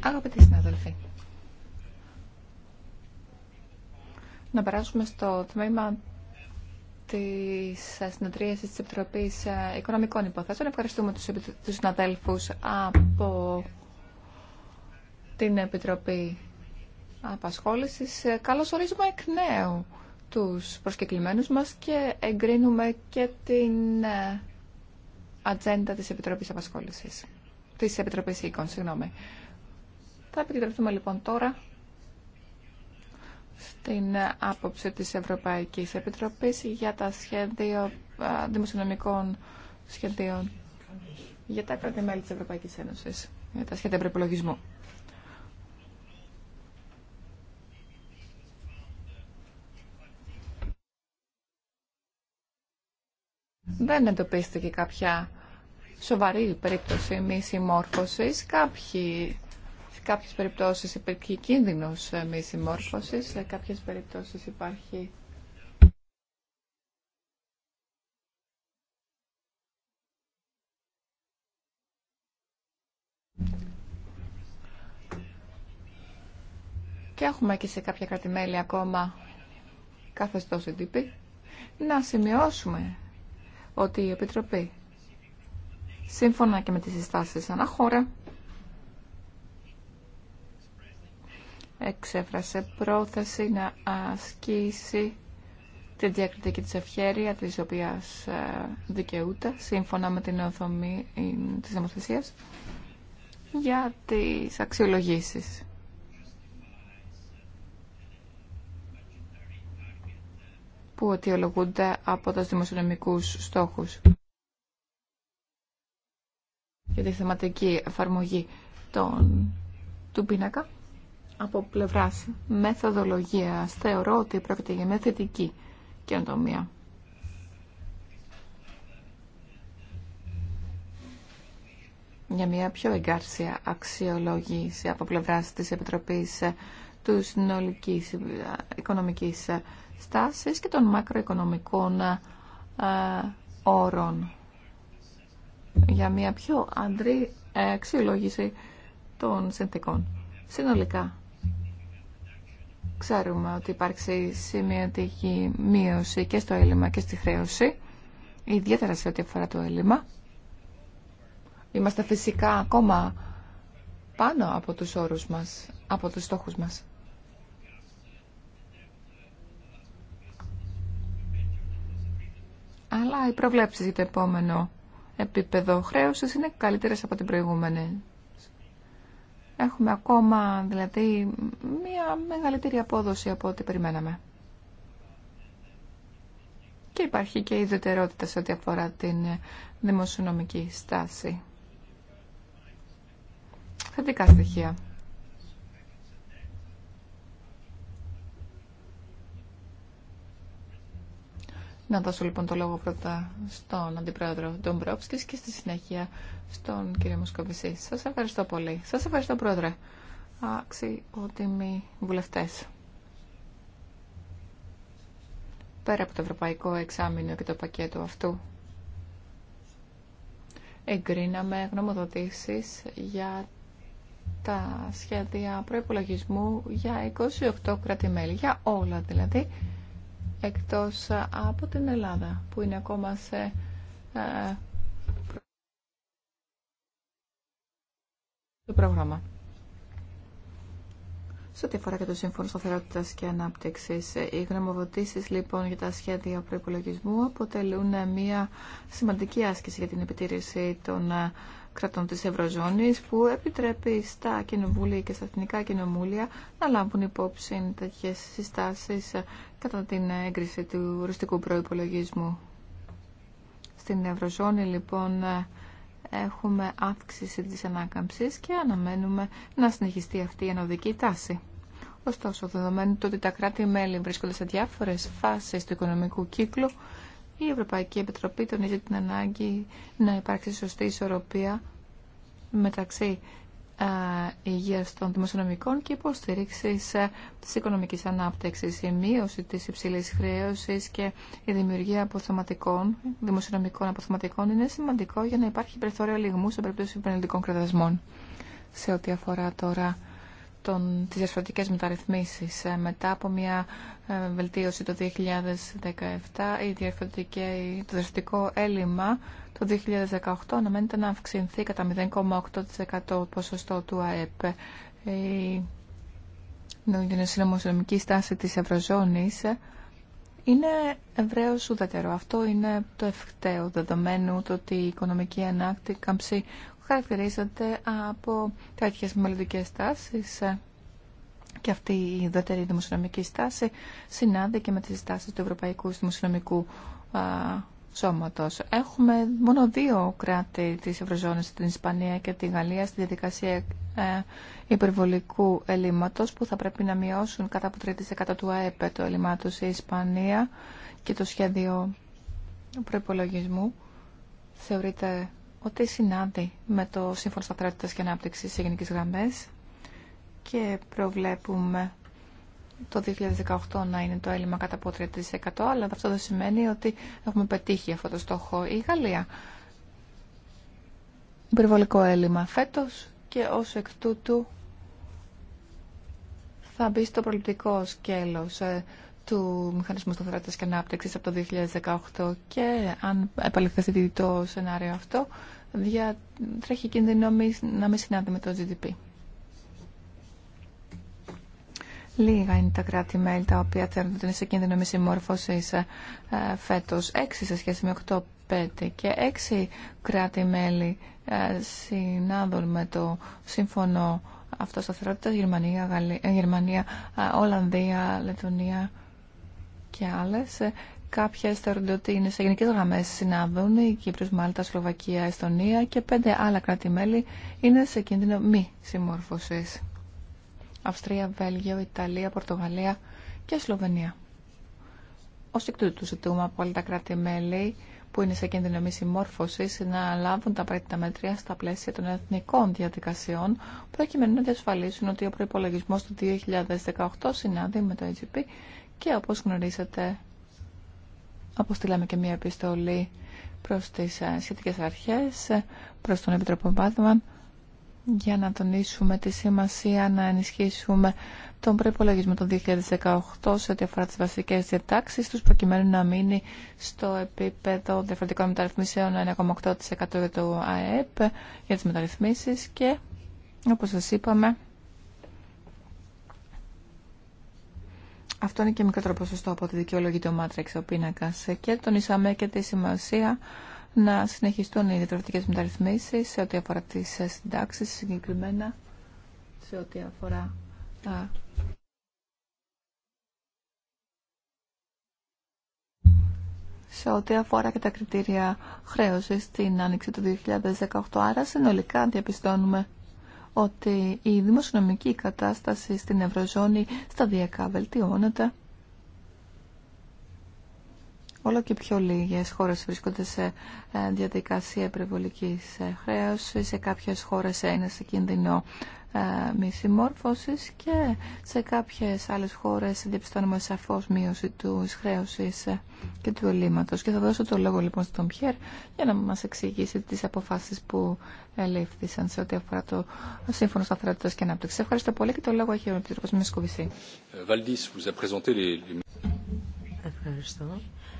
Αγαπητοί συναδελφοί, να περάσουμε στο τμήμα της συνεδρίασης της Επιτροπής Οικονομικών Υποθέσεων. Ευχαριστούμε τους, τους συναδέλφους από την Επιτροπή Απασχόλησης. Καλώς ορίζουμε εκ νέου τους προσκεκλημένους μας και εγκρίνουμε και την ε, ατζέντα της Επιτροπής Απασχόλησης τη Επιτροπή Οίκων, συγγνώμη. Θα επικεντρωθούμε λοιπόν τώρα στην άποψη της Ευρωπαϊκής Επιτροπής για τα σχέδια δημοσιονομικών σχεδίων για τα κράτη-μέλη της Ευρωπαϊκής Ένωσης, για τα σχέδια προπολογισμού. Δεν εντοπίστηκε κάποια σοβαρή περίπτωση μη συμμόρφωση. σε κάποιες περιπτώσεις υπάρχει κίνδυνο ε, μη συμμόρφωση. σε κάποιες περιπτώσεις υπάρχει και έχουμε και σε κάποια κρατημέλη ακόμα καθεστώς εντύπη, να σημειώσουμε ότι η Επιτροπή σύμφωνα και με τις συστάσεις αναχώρα, εξέφρασε πρόθεση να ασκήσει την διακριτική της ευχέρεια της οποίας ε, δικαιούται σύμφωνα με την οθομή ε, της νομοθεσίας για τις αξιολογήσεις. που αιτιολογούνται από τους δημοσιονομικούς στόχους για τη θεματική εφαρμογή του πίνακα από πλευρά μεθοδολογία θεωρώ ότι πρόκειται για μια θετική καινοτομία. για μια πιο εγκάρσια αξιολόγηση από πλευρά της Επιτροπής ε, του συνολική ε, οικονομική ε, στάση και των μακροοικονομικών όρων για μια πιο αντρή αξιολόγηση των συνθήκων. Συνολικά, ξέρουμε ότι υπάρξει σημειωτική μείωση και στο έλλειμμα και στη χρέωση, ιδιαίτερα σε ό,τι αφορά το έλλειμμα. Είμαστε φυσικά ακόμα πάνω από τους όρους μας, από τους στόχους μας. Αλλά οι προβλέψεις για το επόμενο επίπεδο χρέωσης είναι καλύτερες από την προηγούμενη. Έχουμε ακόμα δηλαδή μια μεγαλύτερη απόδοση από ό,τι περιμέναμε. Και υπάρχει και ιδιαιτερότητα σε ό,τι αφορά την δημοσιονομική στάση. Θετικά στοιχεία. Να δώσω λοιπόν το λόγο πρώτα στον Αντιπρόεδρο Ντομπρόψκης και στη συνέχεια στον κύριο Μοσκοβισή. Σας ευχαριστώ πολύ. Σας ευχαριστώ Πρόεδρε. Αξιότιμοι βουλευτέ. Πέρα από το Ευρωπαϊκό Εξάμεινο και το πακέτο αυτού, εγκρίναμε γνωμοδοτήσει για τα σχέδια προϋπολογισμού για 28 κράτη-μέλη, για όλα δηλαδή, εκτός από την Ελλάδα που είναι ακόμα σε ε, το πρόγραμμα. Σε ό,τι αφορά και το Σύμφωνο Σταθερότητα και Ανάπτυξη, οι γνωμοδοτήσει λοιπόν για τα σχέδια προπολογισμού αποτελούν μια σημαντική άσκηση για την επιτήρηση των ε, κρατών της Ευρωζώνης που επιτρέπει στα κοινοβούλια και στα εθνικά κοινοβούλια να λάβουν υπόψη τέτοιε συστάσεις κατά την έγκριση του οριστικού προϋπολογισμού. Στην Ευρωζώνη λοιπόν έχουμε αύξηση της ανάκαμψης και αναμένουμε να συνεχιστεί αυτή η ανωδική τάση. Ωστόσο, δεδομένου το ότι τα κράτη-μέλη βρίσκονται σε διάφορες φάσεις του οικονομικού κύκλου, η Ευρωπαϊκή Επιτροπή τονίζει την ανάγκη να υπάρξει σωστή ισορροπία μεταξύ ε, υγεία των δημοσιονομικών και υποστήριξη ε, τη οικονομική ανάπτυξη, η μείωση τη υψηλή χρέωση και η δημιουργία αποθεματικών, δημοσιονομικών αποθεματικών είναι σημαντικό για να υπάρχει περιθώριο λιγμού σε περίπτωση επενδυτικών κρατασμών. Σε ό,τι αφορά τώρα των, τις μεταρρυθμίσει μεταρρυθμίσεις. Ε, μετά από μια ε, βελτίωση το 2017, η το διασφαλτικό έλλειμμα το 2018 αναμένεται να αυξηθεί κατά 0,8% ποσοστό του ΑΕΠ. Η νομοσυνομική στάση της Ευρωζώνης είναι ευρέω ουδέτερο. Αυτό είναι το ευκταίο δεδομένου ότι η οικονομική ανάκτηση χαρακτηρίζονται από τέτοιες μελλοντικέ τάσει και αυτή η δεύτερη δημοσιονομική στάση συνάδει και με τις στάσεις του Ευρωπαϊκού Δημοσιονομικού Σώματος. Έχουμε μόνο δύο κράτη της Ευρωζώνης, την Ισπανία και τη Γαλλία, στη διαδικασία ε, υπερβολικού ελλείμματος που θα πρέπει να μειώσουν κατά από 3% του ΑΕΠ το ελλείμμα η Ισπανία και το σχέδιο προπολογισμού θεωρείται ότι συνάδει με το Σύμφωνο Σταθερότητας και Ανάπτυξης σε γενικές γραμμές και προβλέπουμε το 2018 να είναι το έλλειμμα κατά από 3%, αλλά αυτό δεν σημαίνει ότι έχουμε πετύχει αυτό το στόχο. Η Γαλλία υπερβολικό έλλειμμα φέτος και ως εκ τούτου θα μπει στο προληπτικό σκέλος ε, του Μηχανισμού Σταθερότητας και Ανάπτυξης από το 2018 και αν επαληθευτεί το σενάριο αυτό Τρέχει κίνδυνο να μην συνάδει με το GDP. Λίγα είναι τα κράτη-μέλη τα οποία θέλουν ότι είναι σε κίνδυνο μη συμμόρφωση ε, φέτο. Έξι σε σχέση με 8-5 και έξι κράτη-μέλη ε, συνάδουν με το σύμφωνο αυτό σταθερότητα Γερμανία, Γαλλία, ε, Γερμανία, Ολλανδία, Λετωνία και άλλε. Κάποιε θεωρούνται ότι είναι σε γενικέ γραμμέ συνάδουν, η Κύπρος, Μάλτα, Σλοβακία, Εστονία και πέντε άλλα κράτη-μέλη είναι σε κίνδυνο μη συμμόρφωση. Αυστρία, Βέλγιο, Ιταλία, Πορτογαλία και Σλοβενία. Ω εκ τούτου, ζητούμε από όλα τα κράτη-μέλη που είναι σε κίνδυνο μη συμμόρφωση να λάβουν τα απαραίτητα μέτρια στα πλαίσια των εθνικών διαδικασιών, προκειμένου να διασφαλίσουν ότι ο προπολογισμό του 2018 συνάδει με το EGP και όπω γνωρίζετε αποστήλαμε και μια επιστολή προς τις ε, σχετικές αρχές, ε, προς τον Επιτροπό για να τονίσουμε τη σημασία να ενισχύσουμε τον προϋπολογισμό του 2018 σε ό,τι αφορά τις βασικές διατάξεις τους προκειμένου να μείνει στο επίπεδο διαφορετικών μεταρρυθμίσεων 1,8% για το ΑΕΠ για τις μεταρρυθμίσεις και όπως σας είπαμε Αυτό είναι και μικρότερο ποσοστό από τη δικαιολογή το Μάτρεξ, ο πίνακα. Και τονίσαμε και τη σημασία να συνεχιστούν οι διατροφικέ μεταρρυθμίσει σε ό,τι αφορά τι συντάξει, συγκεκριμένα σε ό,τι αφορά τα. σε ό,τι αφορά και τα κριτήρια χρέωση στην άνοιξη του 2018. Άρα συνολικά διαπιστώνουμε ότι η δημοσιονομική κατάσταση στην Ευρωζώνη σταδιακά βελτιώνεται όλο και πιο λίγες χώρες βρίσκονται σε ε, διαδικασία υπερβολικής ε, χρέωσης, σε κάποιες χώρες είναι σε κίνδυνο ε, μη συμμόρφωσης και σε κάποιες άλλες χώρες διαπιστώνουμε σαφώς μείωση του χρέωση και του ελλείμματος. Και θα δώσω το λόγο λοιπόν στον Πιέρ για να μας εξηγήσει τις αποφάσεις που ελήφθησαν σε ό,τι αφορά το Σύμφωνο Σταθερότητας και Ανάπτυξης. Ευχαριστώ πολύ και το λόγο έχει ο Επιτροπός Μισκοβησή. Ευχαριστώ.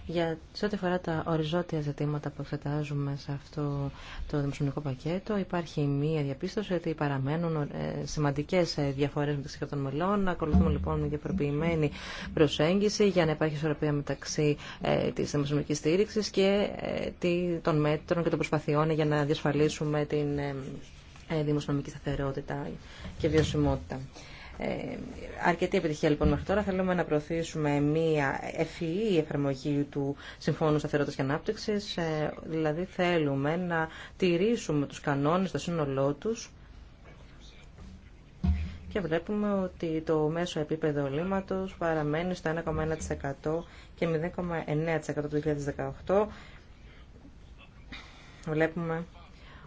Για σε ό,τι αφορά τα οριζόντια ζητήματα που εξετάζουμε σε αυτό το δημοσιονομικό πακέτο, υπάρχει μία διαπίστωση ότι παραμένουν ε, σημαντικέ ε, διαφορέ μεταξύ των μελών. Να ακολουθούμε λοιπόν μια διαφοροποιημένη μελων ακολουθουμε λοιπον μια διαφοροποιημενη προσεγγιση για να υπάρχει ισορροπία μεταξύ ε, τη δημοσιονομική στήριξη και των μέτρων και των προσπαθειών για να διασφαλίσουμε την δημοσιονομική σταθερότητα και βιωσιμότητα. Ε, αρκετή επιτυχία λοιπόν μέχρι τώρα. Θέλουμε να προωθήσουμε μια ευφυή εφαρμογή του Συμφώνου Σταθερότητα και Ανάπτυξη. Ε, δηλαδή θέλουμε να τηρήσουμε του κανόνε στο σύνολό του. Και βλέπουμε ότι το μέσο επίπεδο λύματος παραμένει στο 1,1% και 0,9% το 2018. Βλέπουμε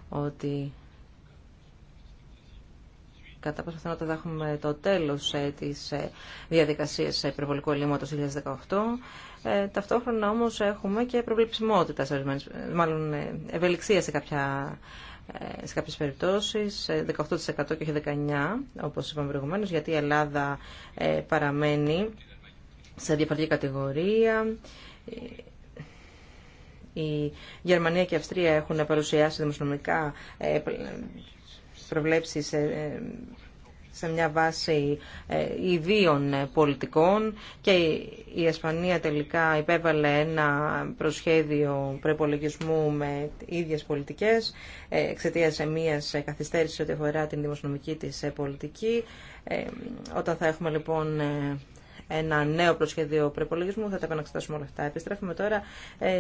ότι κατά πάσα πιθανότητα θα έχουμε το τέλος ε, της ε, διαδικασίας ε, υπερβολικού το 2018. ταυτόχρονα όμως έχουμε και προβληψιμότητα, μάλλον ευελιξία σε, κάποια, σε κάποιες περιπτώσεις, 18% και όχι 19% όπως είπαμε προηγουμένως, γιατί η Ελλάδα παραμένει σε διαφορετική κατηγορία. Η Γερμανία και η Αυστρία έχουν παρουσιάσει δημοσιονομικά προβλέψει ε, σε μια βάση ε, ιδίων πολιτικών και η Ασπανία τελικά υπέβαλε ένα προσχέδιο προπολογισμού με ίδιες πολιτικές ε, εξαιτία μια καθυστέρηση ό,τι αφορά την δημοσιονομική της πολιτική. Όταν θα έχουμε λοιπόν ένα νέο προσχέδιο προπολογισμού. Θα τα επαναξετάσουμε όλα αυτά. Επιστρέφουμε τώρα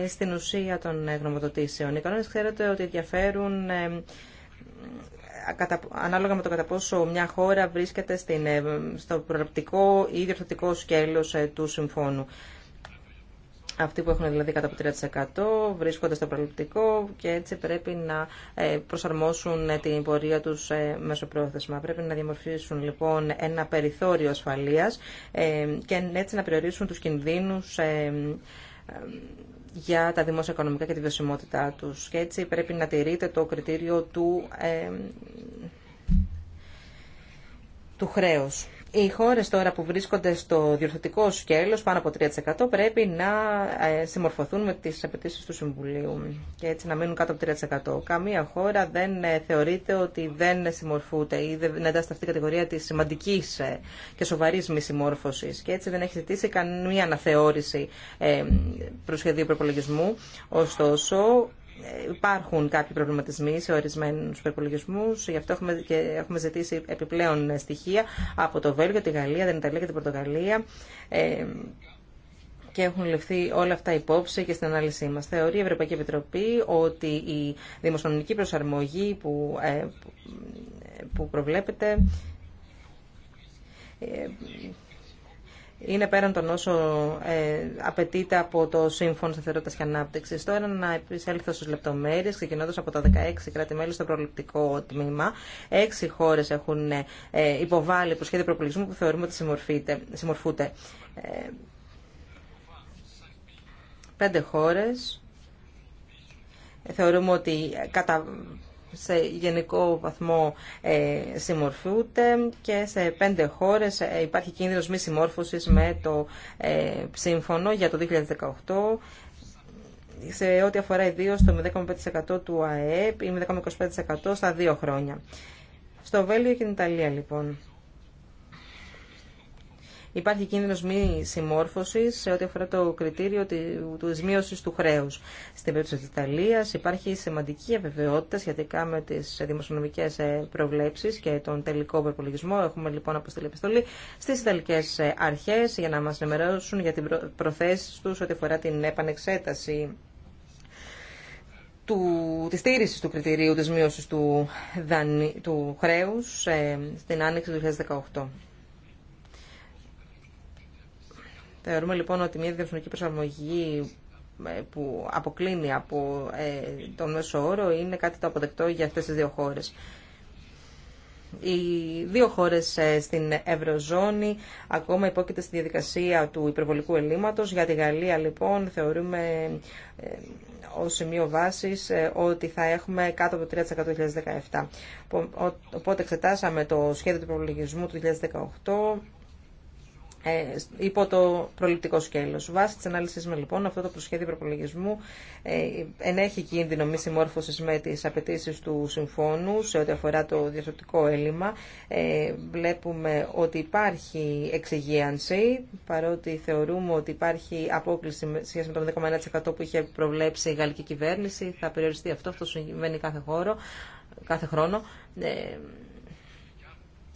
στην ουσία των γνωμοδοτήσεων. Οι κανόνε ξέρετε ότι ενδιαφέρουν ανάλογα με το κατά πόσο μια χώρα βρίσκεται ε, στο προληπτικό ή διορθωτικό σκέλος ε, του συμφώνου. Αυτοί που έχουν δηλαδή κατά από 3% βρίσκονται στο προληπτικό και έτσι πρέπει να ε, προσαρμόσουν την πορεία τους πρόθεσμα. Πρέπει να διαμορφήσουν λοιπόν ένα περιθώριο ασφαλείας και έτσι να περιορίσουν τους κινδύνους για τα δημόσια οικονομικά και τη βιωσιμότητά τους. Και έτσι πρέπει να τηρείται το κριτήριο του, ε, του χρέους. Οι χώρε τώρα που βρίσκονται στο διορθωτικό σκέλο, πάνω από 3% πρέπει να ε, συμμορφωθούν με τι απαιτήσει του Συμβουλίου και έτσι να μείνουν κάτω από 3%. Καμία χώρα δεν ε, θεωρείται ότι δεν συμμορφούνται ή δεν είναι εντάξει αυτή η κατηγορία της σημαντικής ε, και σοβαρής μη συμμόρφωσης και έτσι δεν έχει ζητήσει και σοβαρή μη αναθεώρηση προσχεδίου προπολογισμού. Ωστόσο, υπάρχουν κάποιοι προβληματισμοί σε ορισμένου προπολογισμού. Γι' αυτό έχουμε, και έχουμε ζητήσει επιπλέον στοιχεία από το Βέλγιο, τη Γαλλία, την Ιταλία και την Πορτογαλία. Ε, και έχουν ληφθεί όλα αυτά υπόψη και στην ανάλυση μα. Θεωρεί η Ευρωπαϊκή Επιτροπή ότι η δημοσιονομική προσαρμογή που, ε, ε, που προβλέπεται είναι πέραν των όσων ε, απαιτείται από το Σύμφωνο Σταθερότητα και Ανάπτυξη. Τώρα να επισέλθω στι λεπτομέρειε, ξεκινώντα από τα 16 κράτη-μέλη στο προληπτικό τμήμα. Έξι χώρε έχουν ε, υποβάλει σχέδιο προπολογισμού που θεωρούμε ότι συμμορφούνται. Ε, πέντε χώρε ε, θεωρούμε ότι κατά σε γενικό βαθμό ε, συμμορφούνται και σε πέντε χώρες ε, υπάρχει κίνδυνος μη συμμόρφωσης με το ε, σύμφωνο για το 2018 σε ό,τι αφορά ιδίω το 0,5% του ΑΕΠ ή 0,25% στα δύο χρόνια. Στο Βέλγιο και την Ιταλία λοιπόν υπάρχει κίνδυνο μη συμμόρφωση σε ό,τι αφορά το κριτήριο τη μειώση του χρέου. Στην περίπτωση τη Ιταλία υπάρχει σημαντική αβεβαιότητα σχετικά με τι δημοσιονομικέ ε, προβλέψει και τον τελικό προπολογισμό. Έχουμε λοιπόν αποστείλει επιστολή στι Ιταλικές ε, αρχέ για να μα ενημερώσουν για την προθέσει του ό,τι αφορά την επανεξέταση του, της του κριτηρίου της μείωσης του, δανει, του χρέους ε, στην άνοιξη του 2018. Θεωρούμε λοιπόν ότι μια διεθνική προσαρμογή ε, που αποκλίνει από ε, τον μέσο όρο είναι κάτι το αποδεκτό για αυτές τις δύο χώρες. Οι δύο χώρες ε, στην Ευρωζώνη ακόμα υπόκειται στη διαδικασία του υπερβολικού ελλείμματος. Για τη Γαλλία λοιπόν θεωρούμε ως σημείο βάσης ότι θα έχουμε κάτω από το 2017. Οπότε εξετάσαμε το σχέδιο του προλογισμού του 2018 ε, υπό το προληπτικό σκέλος. Βάσει τη ανάλυσης με λοιπόν αυτό το προσχέδιο προπολογισμού ε, ενέχει κίνδυνο μη συμμόρφωση με τι απαιτήσει του συμφώνου σε ό,τι αφορά το διασωτικό έλλειμμα. Ε, βλέπουμε ότι υπάρχει εξυγίανση, παρότι θεωρούμε ότι υπάρχει απόκληση σχέση με το 1,1% που είχε προβλέψει η γαλλική κυβέρνηση. Θα περιοριστεί αυτό, αυτό συμβαίνει κάθε χώρο, κάθε χρόνο.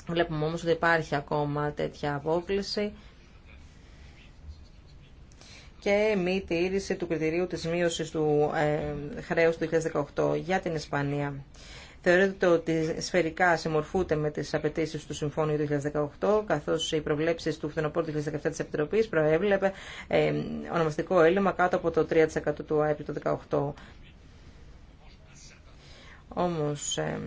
Βλέπουμε όμως ότι υπάρχει ακόμα τέτοια απόκληση και μη τήρηση του κριτηρίου της μείωσης του ε, χρέους του 2018 για την Ισπανία. Θεωρείται ότι σφαιρικά συμμορφούνται με τις απαιτήσεις του Συμφώνου του 2018, καθώς οι προβλέψεις του φθινοπόρου του 2017 της Επιτροπής προέβλεπε ε, ονομαστικό έλλειμμα κάτω από το 3% του ΑΕΠ του 2018. Όμως... Ε,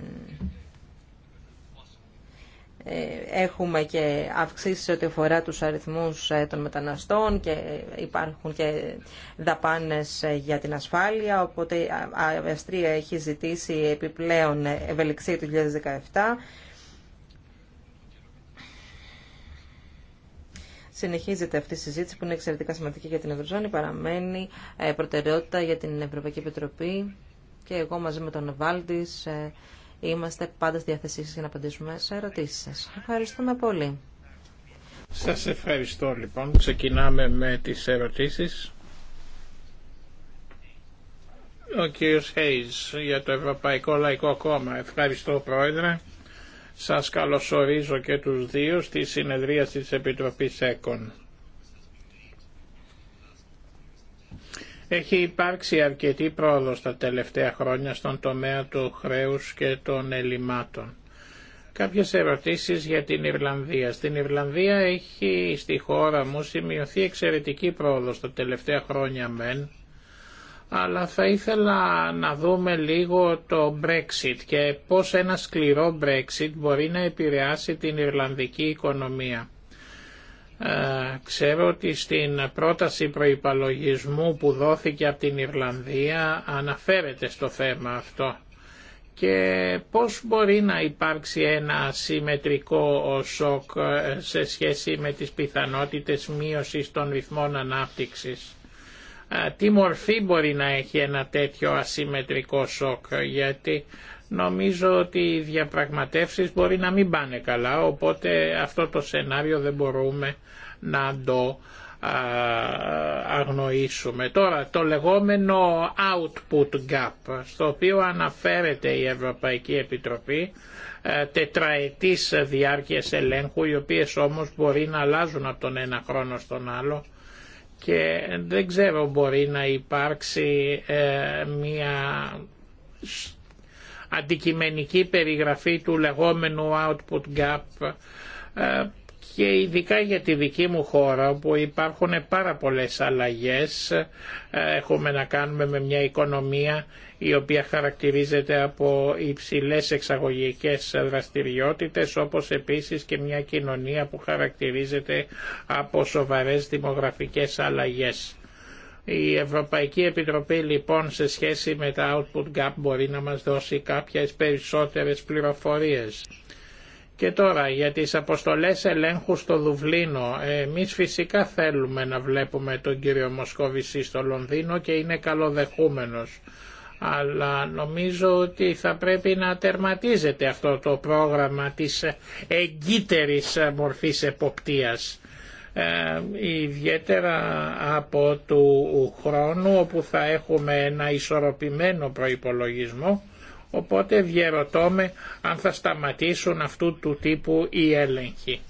ε, έχουμε και αυξήσει ό,τι αφορά τους αριθμούς ε, των μεταναστών και υπάρχουν και δαπάνες ε, για την ασφάλεια, οπότε η Αυστρία έχει ζητήσει επιπλέον ευελιξία του 2017. Συνεχίζεται αυτή η συζήτηση που είναι εξαιρετικά σημαντική για την Ευρωζώνη, παραμένει προτεραιότητα για την Ευρωπαϊκή Επιτροπή και εγώ μαζί με τον Βάλτης Είμαστε πάντα στη διάθεσή σας για να απαντήσουμε σε ερωτήσεις σας. Ευχαριστούμε πολύ. Σας ευχαριστώ λοιπόν. Ξεκινάμε με τις ερωτήσεις. Ο κύριος Χέις για το Ευρωπαϊκό Λαϊκό Κόμμα. Ευχαριστώ Πρόεδρε. Σας καλωσορίζω και τους δύο στη συνεδρία της Επιτροπής ΕΚΟΝ. Έχει υπάρξει αρκετή πρόοδος τα τελευταία χρόνια στον τομέα του χρέους και των ελλημάτων. Κάποιες ερωτήσεις για την Ιρλανδία. Στην Ιρλανδία έχει στη χώρα μου σημειωθεί εξαιρετική πρόοδος τα τελευταία χρόνια μεν, αλλά θα ήθελα να δούμε λίγο το Brexit και πώς ένα σκληρό Brexit μπορεί να επηρεάσει την Ιρλανδική οικονομία. Ε, ξέρω ότι στην πρόταση προϋπαλογισμού που δόθηκε από την Ιρλανδία αναφέρεται στο θέμα αυτό και πώς μπορεί να υπάρξει ένα συμμετρικό σοκ ε, σε σχέση με τις πιθανότητες μείωσης των ρυθμών ανάπτυξης. Ε, τι μορφή μπορεί να έχει ένα τέτοιο ασυμμετρικό σοκ γιατί Νομίζω ότι οι διαπραγματεύσεις μπορεί να μην πάνε καλά, οπότε αυτό το σενάριο δεν μπορούμε να το αγνοήσουμε. Τώρα το λεγόμενο output gap στο οποίο αναφέρεται η Ευρωπαϊκή Επιτροπή ε, τετραετής διάρκειας ελέγχου οι οποίες όμως μπορεί να αλλάζουν από τον ένα χρόνο στον άλλο και δεν ξέρω μπορεί να υπάρξει ε, μια αντικειμενική περιγραφή του λεγόμενου output gap ε, και ειδικά για τη δική μου χώρα όπου υπάρχουν πάρα πολλές αλλαγές ε, έχουμε να κάνουμε με μια οικονομία η οποία χαρακτηρίζεται από υψηλές εξαγωγικές δραστηριότητες όπως επίσης και μια κοινωνία που χαρακτηρίζεται από σοβαρές δημογραφικές αλλαγές. Η Ευρωπαϊκή Επιτροπή λοιπόν σε σχέση με τα output gap μπορεί να μας δώσει κάποιες περισσότερες πληροφορίες. Και τώρα για τις αποστολές ελέγχου στο Δουβλίνο. Εμείς φυσικά θέλουμε να βλέπουμε τον κύριο Μοσκόβηση στο Λονδίνο και είναι καλοδεχούμενος. Αλλά νομίζω ότι θα πρέπει να τερματίζεται αυτό το πρόγραμμα της εγκύτερης μορφής εποπτείας ε, ιδιαίτερα από του χρόνου όπου θα έχουμε ένα ισορροπημένο προϋπολογισμό οπότε διαρωτώμε αν θα σταματήσουν αυτού του τύπου οι έλεγχοι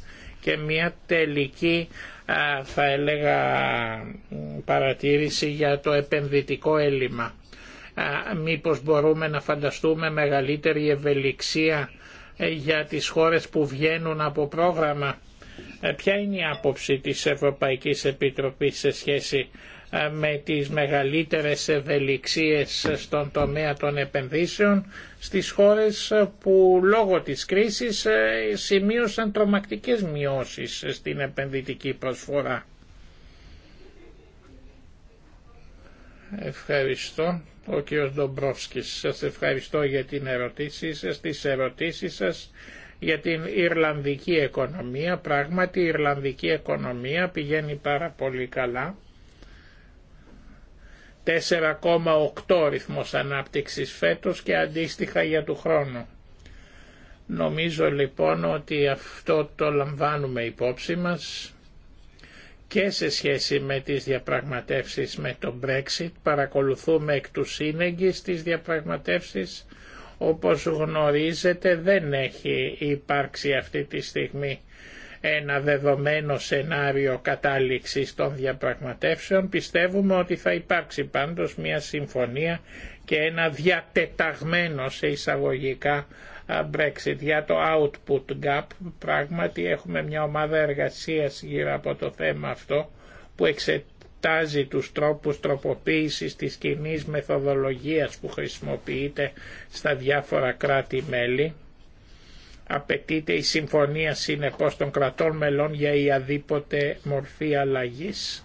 και μια τελική θα έλεγα παρατήρηση για το επενδυτικό έλλειμμα μήπως μπορούμε να φανταστούμε μεγαλύτερη ευελιξία ε, για τις χώρες που βγαίνουν από πρόγραμμα ε, ποια είναι η άποψη της Ευρωπαϊκής Επιτροπής σε σχέση ε, με τις μεγαλύτερες ευελιξίες στον τομέα των επενδύσεων στις χώρες που λόγω της κρίσης ε, σημείωσαν τρομακτικές μειώσεις στην επενδυτική προσφορά. Ευχαριστώ. Ο κ. Ντομπρόσκης, σας ευχαριστώ για την ερωτήση σας, τις ερωτήσεις σας για την Ιρλανδική οικονομία. Πράγματι η Ιρλανδική οικονομία πηγαίνει πάρα πολύ καλά. 4,8 ρυθμός ανάπτυξης φέτος και αντίστοιχα για του χρόνου. Νομίζω λοιπόν ότι αυτό το λαμβάνουμε υπόψη μας και σε σχέση με τις διαπραγματεύσεις με το Brexit παρακολουθούμε εκ του σύνεγγυς τις διαπραγματεύσεις όπως γνωρίζετε δεν έχει υπάρξει αυτή τη στιγμή ένα δεδομένο σενάριο κατάληξης των διαπραγματεύσεων. Πιστεύουμε ότι θα υπάρξει πάντως μια συμφωνία και ένα διατεταγμένο σε εισαγωγικά Brexit. Για το output gap πράγματι έχουμε μια ομάδα εργασίας γύρω από το θέμα αυτό που εξετάζει εξετάζει τους τρόπους τροποποίησης της κοινή μεθοδολογίας που χρησιμοποιείται στα διάφορα κράτη-μέλη. Απαιτείται η συμφωνία συνεπώς των κρατών μελών για η αδίποτε μορφή αλλαγής.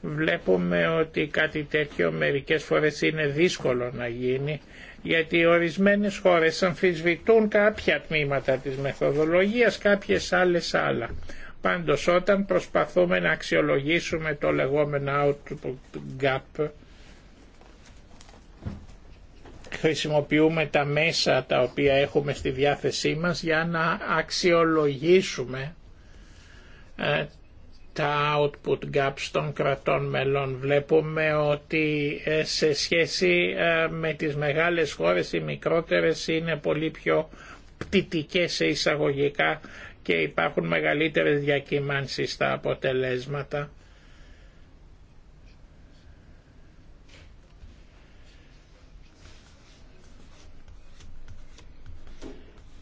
Βλέπουμε ότι κάτι τέτοιο μερικές φορές είναι δύσκολο να γίνει γιατί ορισμένες χώρες αμφισβητούν κάποια τμήματα της μεθοδολογίας, κάποιες άλλες άλλα. Πάντως όταν προσπαθούμε να αξιολογήσουμε το λεγόμενο output gap χρησιμοποιούμε τα μέσα τα οποία έχουμε στη διάθεσή μας για να αξιολογήσουμε ε, τα output gaps των κρατών μελών. Βλέπουμε ότι ε, σε σχέση ε, με τις μεγάλες χώρες οι μικρότερες είναι πολύ πιο πτυτικές σε εισαγωγικά και υπάρχουν μεγαλύτερες διακυμάνσεις στα αποτελέσματα.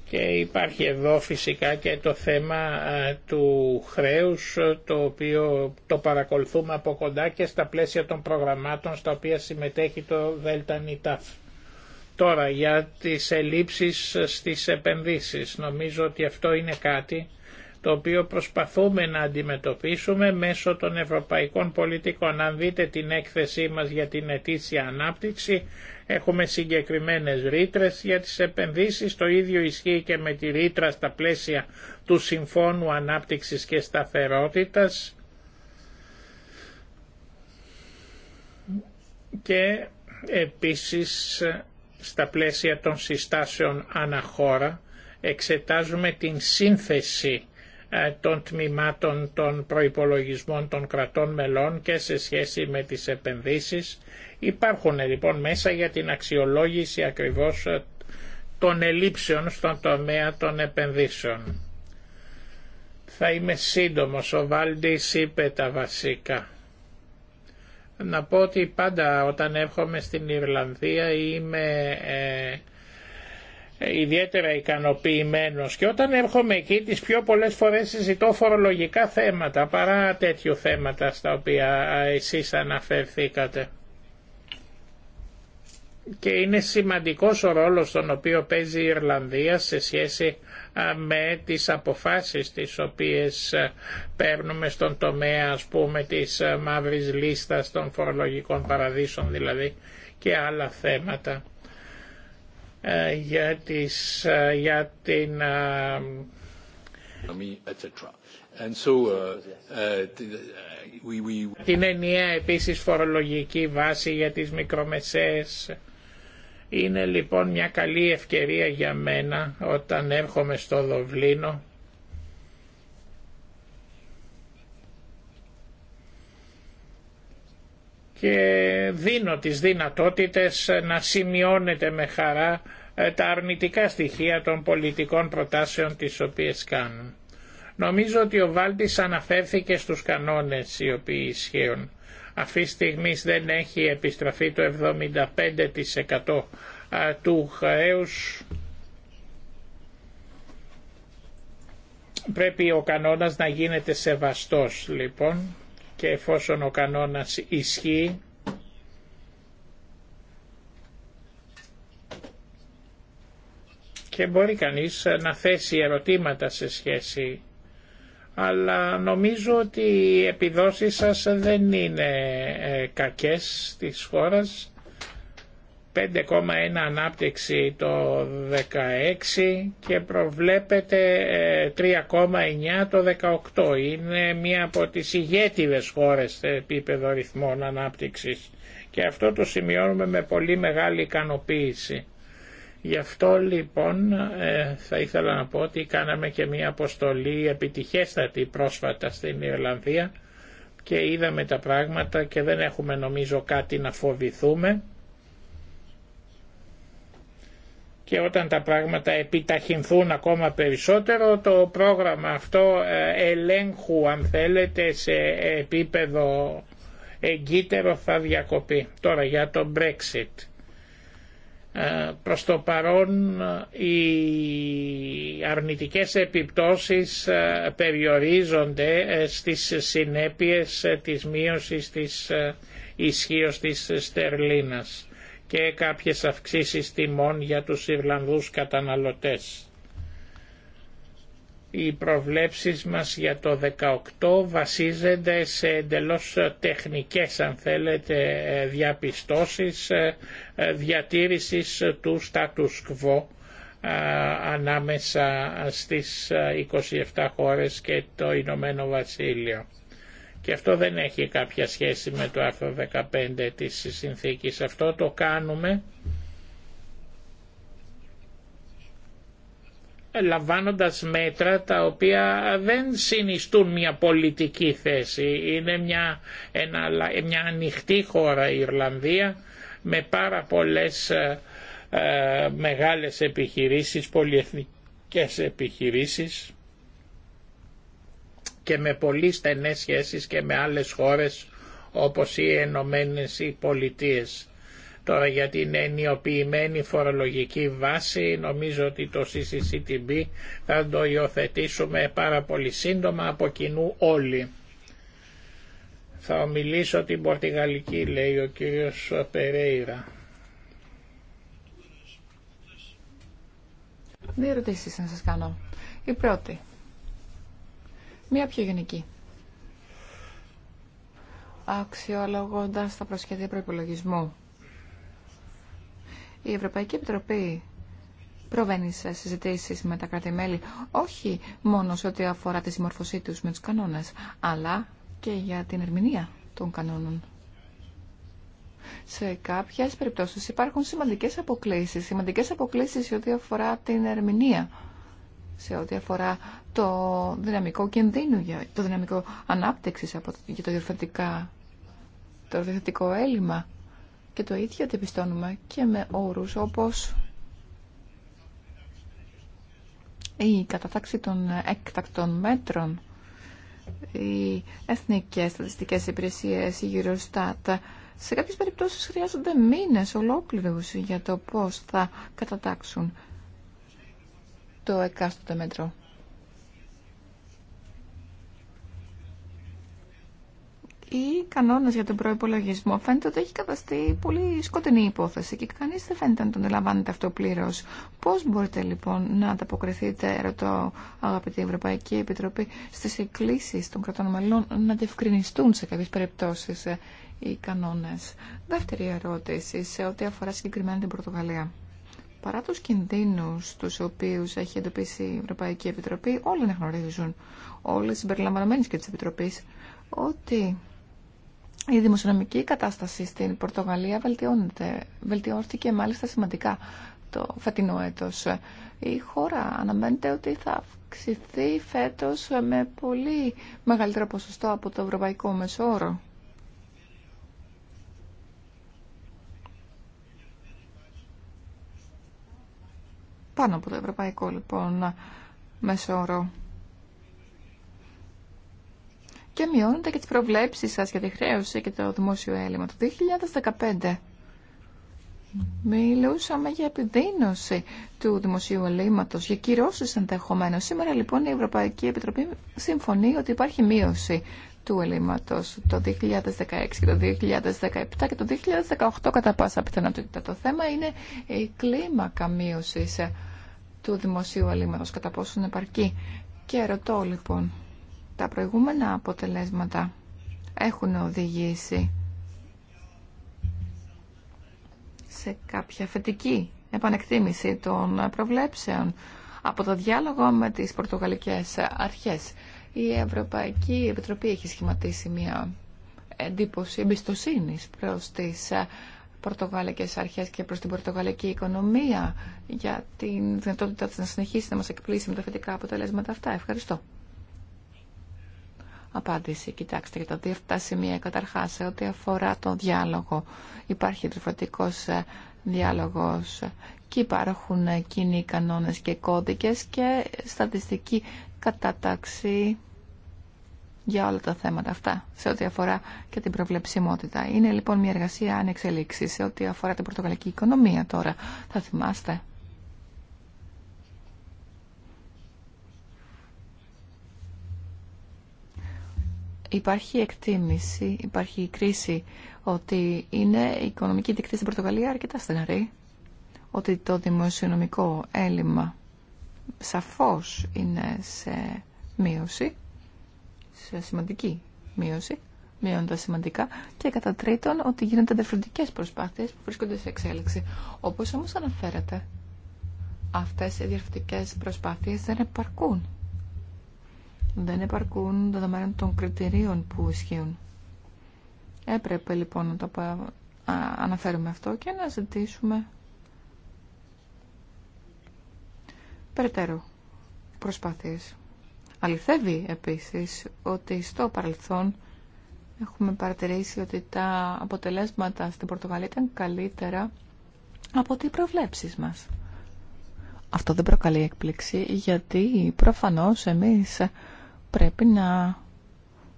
Και υπάρχει εδώ φυσικά και το θέμα του χρέους το οποίο το παρακολουθούμε από κοντά και στα πλαίσια των προγραμμάτων στα οποία συμμετέχει το ΔΕΛΤΑ Τώρα για τις ελλείψεις στις επενδύσεις. Νομίζω ότι αυτό είναι κάτι το οποίο προσπαθούμε να αντιμετωπίσουμε μέσω των ευρωπαϊκών πολιτικών. Αν δείτε την έκθεσή μας για την ετήσια ανάπτυξη, έχουμε συγκεκριμένες ρήτρε για τις επενδύσεις. Το ίδιο ισχύει και με τη ρήτρα στα πλαίσια του Συμφώνου Ανάπτυξης και Σταθερότητας. Και επίσης στα πλαίσια των συστάσεων αναχώρα εξετάζουμε την σύνθεση ε, των τμήματων των προϋπολογισμών των κρατών μελών και σε σχέση με τις επενδύσεις. Υπάρχουν ε, λοιπόν μέσα για την αξιολόγηση ακριβώς ε, των ελλείψεων στον τομέα των επενδύσεων. Θα είμαι σύντομος, ο Βάλντης είπε τα βασικά. Να πω ότι πάντα όταν έρχομαι στην Ιρλανδία είμαι ε, ε, ιδιαίτερα ικανοποιημένος και όταν έρχομαι εκεί τις πιο πολλές φορές συζητώ φορολογικά θέματα παρά τέτοιου θέματα στα οποία εσείς αναφερθήκατε. Και είναι σημαντικός ο ρόλος τον οποίο παίζει η Ιρλανδία σε σχέση με τις αποφάσεις τις οποίες ε, παίρνουμε στον τομέα ας πούμε της ε, μαύρης λίστας των φορολογικών παραδείσων δηλαδή και άλλα θέματα ε, για, την την ενιαία επίσης φορολογική βάση για τις μικρομεσαίες είναι λοιπόν μια καλή ευκαιρία για μένα όταν έρχομαι στο Δοβλίνο και δίνω τις δυνατότητες να σημειώνεται με χαρά ε, τα αρνητικά στοιχεία των πολιτικών προτάσεων τις οποίες κάνουν. Νομίζω ότι ο Βάλτης αναφέρθηκε στους κανόνες οι οποίοι ισχύουν. Αυτή τη στιγμή δεν έχει επιστραφεί το 75% του χρέους. Πρέπει ο κανόνας να γίνεται σεβαστός λοιπόν και εφόσον ο κανόνας ισχύει και μπορεί κανείς να θέσει ερωτήματα σε σχέση αλλά νομίζω ότι οι επιδόσεις σας δεν είναι ε, κακές της χώρας. 5,1 ανάπτυξη το 16 και προβλέπετε 3,9 το 18. Είναι μία από τις ηγέτιδες χώρες σε επίπεδο ρυθμών ανάπτυξης και αυτό το σημειώνουμε με πολύ μεγάλη ικανοποίηση. Γι' αυτό λοιπόν ε, θα ήθελα να πω ότι κάναμε και μια αποστολή επιτυχέστατη πρόσφατα στην Ιρλανδία και είδαμε τα πράγματα και δεν έχουμε νομίζω κάτι να φοβηθούμε και όταν τα πράγματα επιταχυνθούν ακόμα περισσότερο το πρόγραμμα αυτό ε, ελέγχου αν θέλετε σε επίπεδο εγκύτερο θα διακοπεί. Τώρα για το Brexit. Ε, προς το παρόν ε, οι αρνητικές επιπτώσεις ε, περιορίζονται στις συνέπειες της μείωσης της ισχύω της στερλίνας και κάποιες αυξήσεις τιμών για τους Ιρλανδούς καταναλωτές. Οι προβλέψεις μας για το 18 βασίζονται σε εντελώς τεχνικές αν θέλετε διαπιστώσεις ε, ε, διατήρησης του status quo ε, ανάμεσα στις 27 χώρες και το Ηνωμένο Βασίλειο. Και αυτό δεν έχει κάποια σχέση με το άρθρο 15 της συνθήκης. Αυτό το κάνουμε λαμβάνοντας μέτρα τα οποία δεν συνιστούν μια πολιτική θέση. Είναι μια, μια ανοιχτή χώρα η Ιρλανδία με πάρα πολλές ε, ε, μεγάλες επιχειρήσεις, πολυεθνικές επιχειρήσεις και με πολύ στενές σχέσεις και με άλλες χώρες όπως οι Ενωμένε Πολιτείες. Τώρα για την ενιοποιημένη φορολογική βάση νομίζω ότι το CCCTB θα το υιοθετήσουμε πάρα πολύ σύντομα από κοινού όλοι. Θα ομιλήσω την Πορτιγαλική λέει ο κύριος Περέιρα. Δύο ερωτήσεις να σας κάνω. Η πρώτη. Μία πιο γενική. Αξιολογώντας τα προσχέδια προϋπολογισμού η Ευρωπαϊκή Επιτροπή προβαίνει σε συζητήσει με τα κράτη-μέλη όχι μόνο σε ό,τι αφορά τη συμμορφωσή του με του κανόνε, αλλά και για την ερμηνεία των κανόνων. Σε κάποιε περιπτώσει υπάρχουν σημαντικέ αποκλήσει, σημαντικέ αποκλήσει σε ό,τι αφορά την ερμηνεία, σε ό,τι αφορά το δυναμικό κινδύνου, το δυναμικό ανάπτυξη για το διορθωτικό έλλειμμα και το ίδιο διαπιστώνουμε και με όρους όπως η κατατάξη των έκτακτων μέτρων, οι εθνικές στατιστικές υπηρεσίες, η Eurostat. Σε κάποιες περιπτώσεις χρειάζονται μήνες ολόκληρους για το πώς θα κατατάξουν το εκάστοτε μέτρο. οι κανόνες για τον προϋπολογισμό. Φαίνεται ότι έχει καταστεί πολύ σκοτεινή υπόθεση και κανείς δεν φαίνεται να τον λαμβάνεται αυτό πλήρω. Πώς μπορείτε λοιπόν να ανταποκριθείτε, ρωτώ αγαπητή Ευρωπαϊκή Επιτροπή, στις εκκλήσεις των κρατών μελών να διευκρινιστούν σε κάποιες περιπτώσεις ε, οι κανόνες. Δεύτερη ερώτηση σε ό,τι αφορά συγκεκριμένα την Πορτογαλία. Παρά τους κινδύνους τους οποίους έχει εντοπίσει η Ευρωπαϊκή Επιτροπή, όλοι να γνωρίζουν, όλοι συμπεριλαμβανομένοι και της Επιτροπής, ότι η δημοσιονομική κατάσταση στην Πορτογαλία βελτιώνεται. Βελτιώθηκε μάλιστα σημαντικά το φετινό έτος. Η χώρα αναμένεται ότι θα αυξηθεί φέτος με πολύ μεγαλύτερο ποσοστό από το ευρωπαϊκό μεσόωρο. Πάνω από το ευρωπαϊκό λοιπόν μεσόρο και μειώνεται και τις προβλέψεις σας για τη χρέωση και το δημόσιο έλλειμμα. Το 2015 μιλούσαμε για επιδείνωση του δημοσίου ελλείμματος, για κυρώσεις ενδεχομένω. Σήμερα λοιπόν η Ευρωπαϊκή Επιτροπή συμφωνεί ότι υπάρχει μείωση του ελλείμματος το 2016 και το 2017 και το 2018 κατά πάσα πιθανότητα. Το θέμα είναι η κλίμακα μείωσης του δημοσίου ελλείμματος, κατά είναι επαρκή. Και ρωτώ λοιπόν, τα προηγούμενα αποτελέσματα έχουν οδηγήσει σε κάποια θετική επανεκτίμηση των προβλέψεων από το διάλογο με τις πορτογαλικές αρχές. Η Ευρωπαϊκή Επιτροπή έχει σχηματίσει μια εντύπωση εμπιστοσύνη προς τις πορτογαλικές αρχές και προς την πορτογαλική οικονομία για την δυνατότητα της να συνεχίσει να μας εκπλήσει με τα θετικά αποτελέσματα αυτά. Ευχαριστώ απάντηση. Κοιτάξτε, για τα δύο αυτά σημεία, καταρχά, σε ό,τι αφορά τον διάλογο, υπάρχει τριφωτικό ε, διάλογο και υπάρχουν κοινοί κανόνε και κώδικε και στατιστική κατάταξη για όλα τα θέματα αυτά, σε ό,τι αφορά και την προβλεψιμότητα. Είναι λοιπόν μια εργασία ανεξελίξη σε ό,τι αφορά την πορτογαλική οικονομία τώρα. Θα θυμάστε Υπάρχει εκτίμηση, υπάρχει κρίση ότι είναι η οικονομική της στην Πορτογαλία αρκετά στεναρή. Ότι το δημοσιονομικό έλλειμμα σαφώς είναι σε μείωση, σε σημαντική μείωση, μειώνοντα σημαντικά. Και κατά τρίτον, ότι γίνονται διαφορετικές προσπάθειες που βρίσκονται σε εξέλιξη. Όπως όμως αναφέρατε, αυτές οι διαφορετικές προσπάθειες δεν επαρκούν δεν τα δεδομένων των κριτηρίων που ισχύουν. Έπρεπε λοιπόν να το αναφέρουμε αυτό και να ζητήσουμε περαιτέρω προσπάθειες. Αληθεύει επίσης ότι στο παρελθόν έχουμε παρατηρήσει ότι τα αποτελέσματα στην Πορτογαλία ήταν καλύτερα από τι προβλέψεις μας. Αυτό δεν προκαλεί έκπληξη γιατί προφανώς εμείς πρέπει να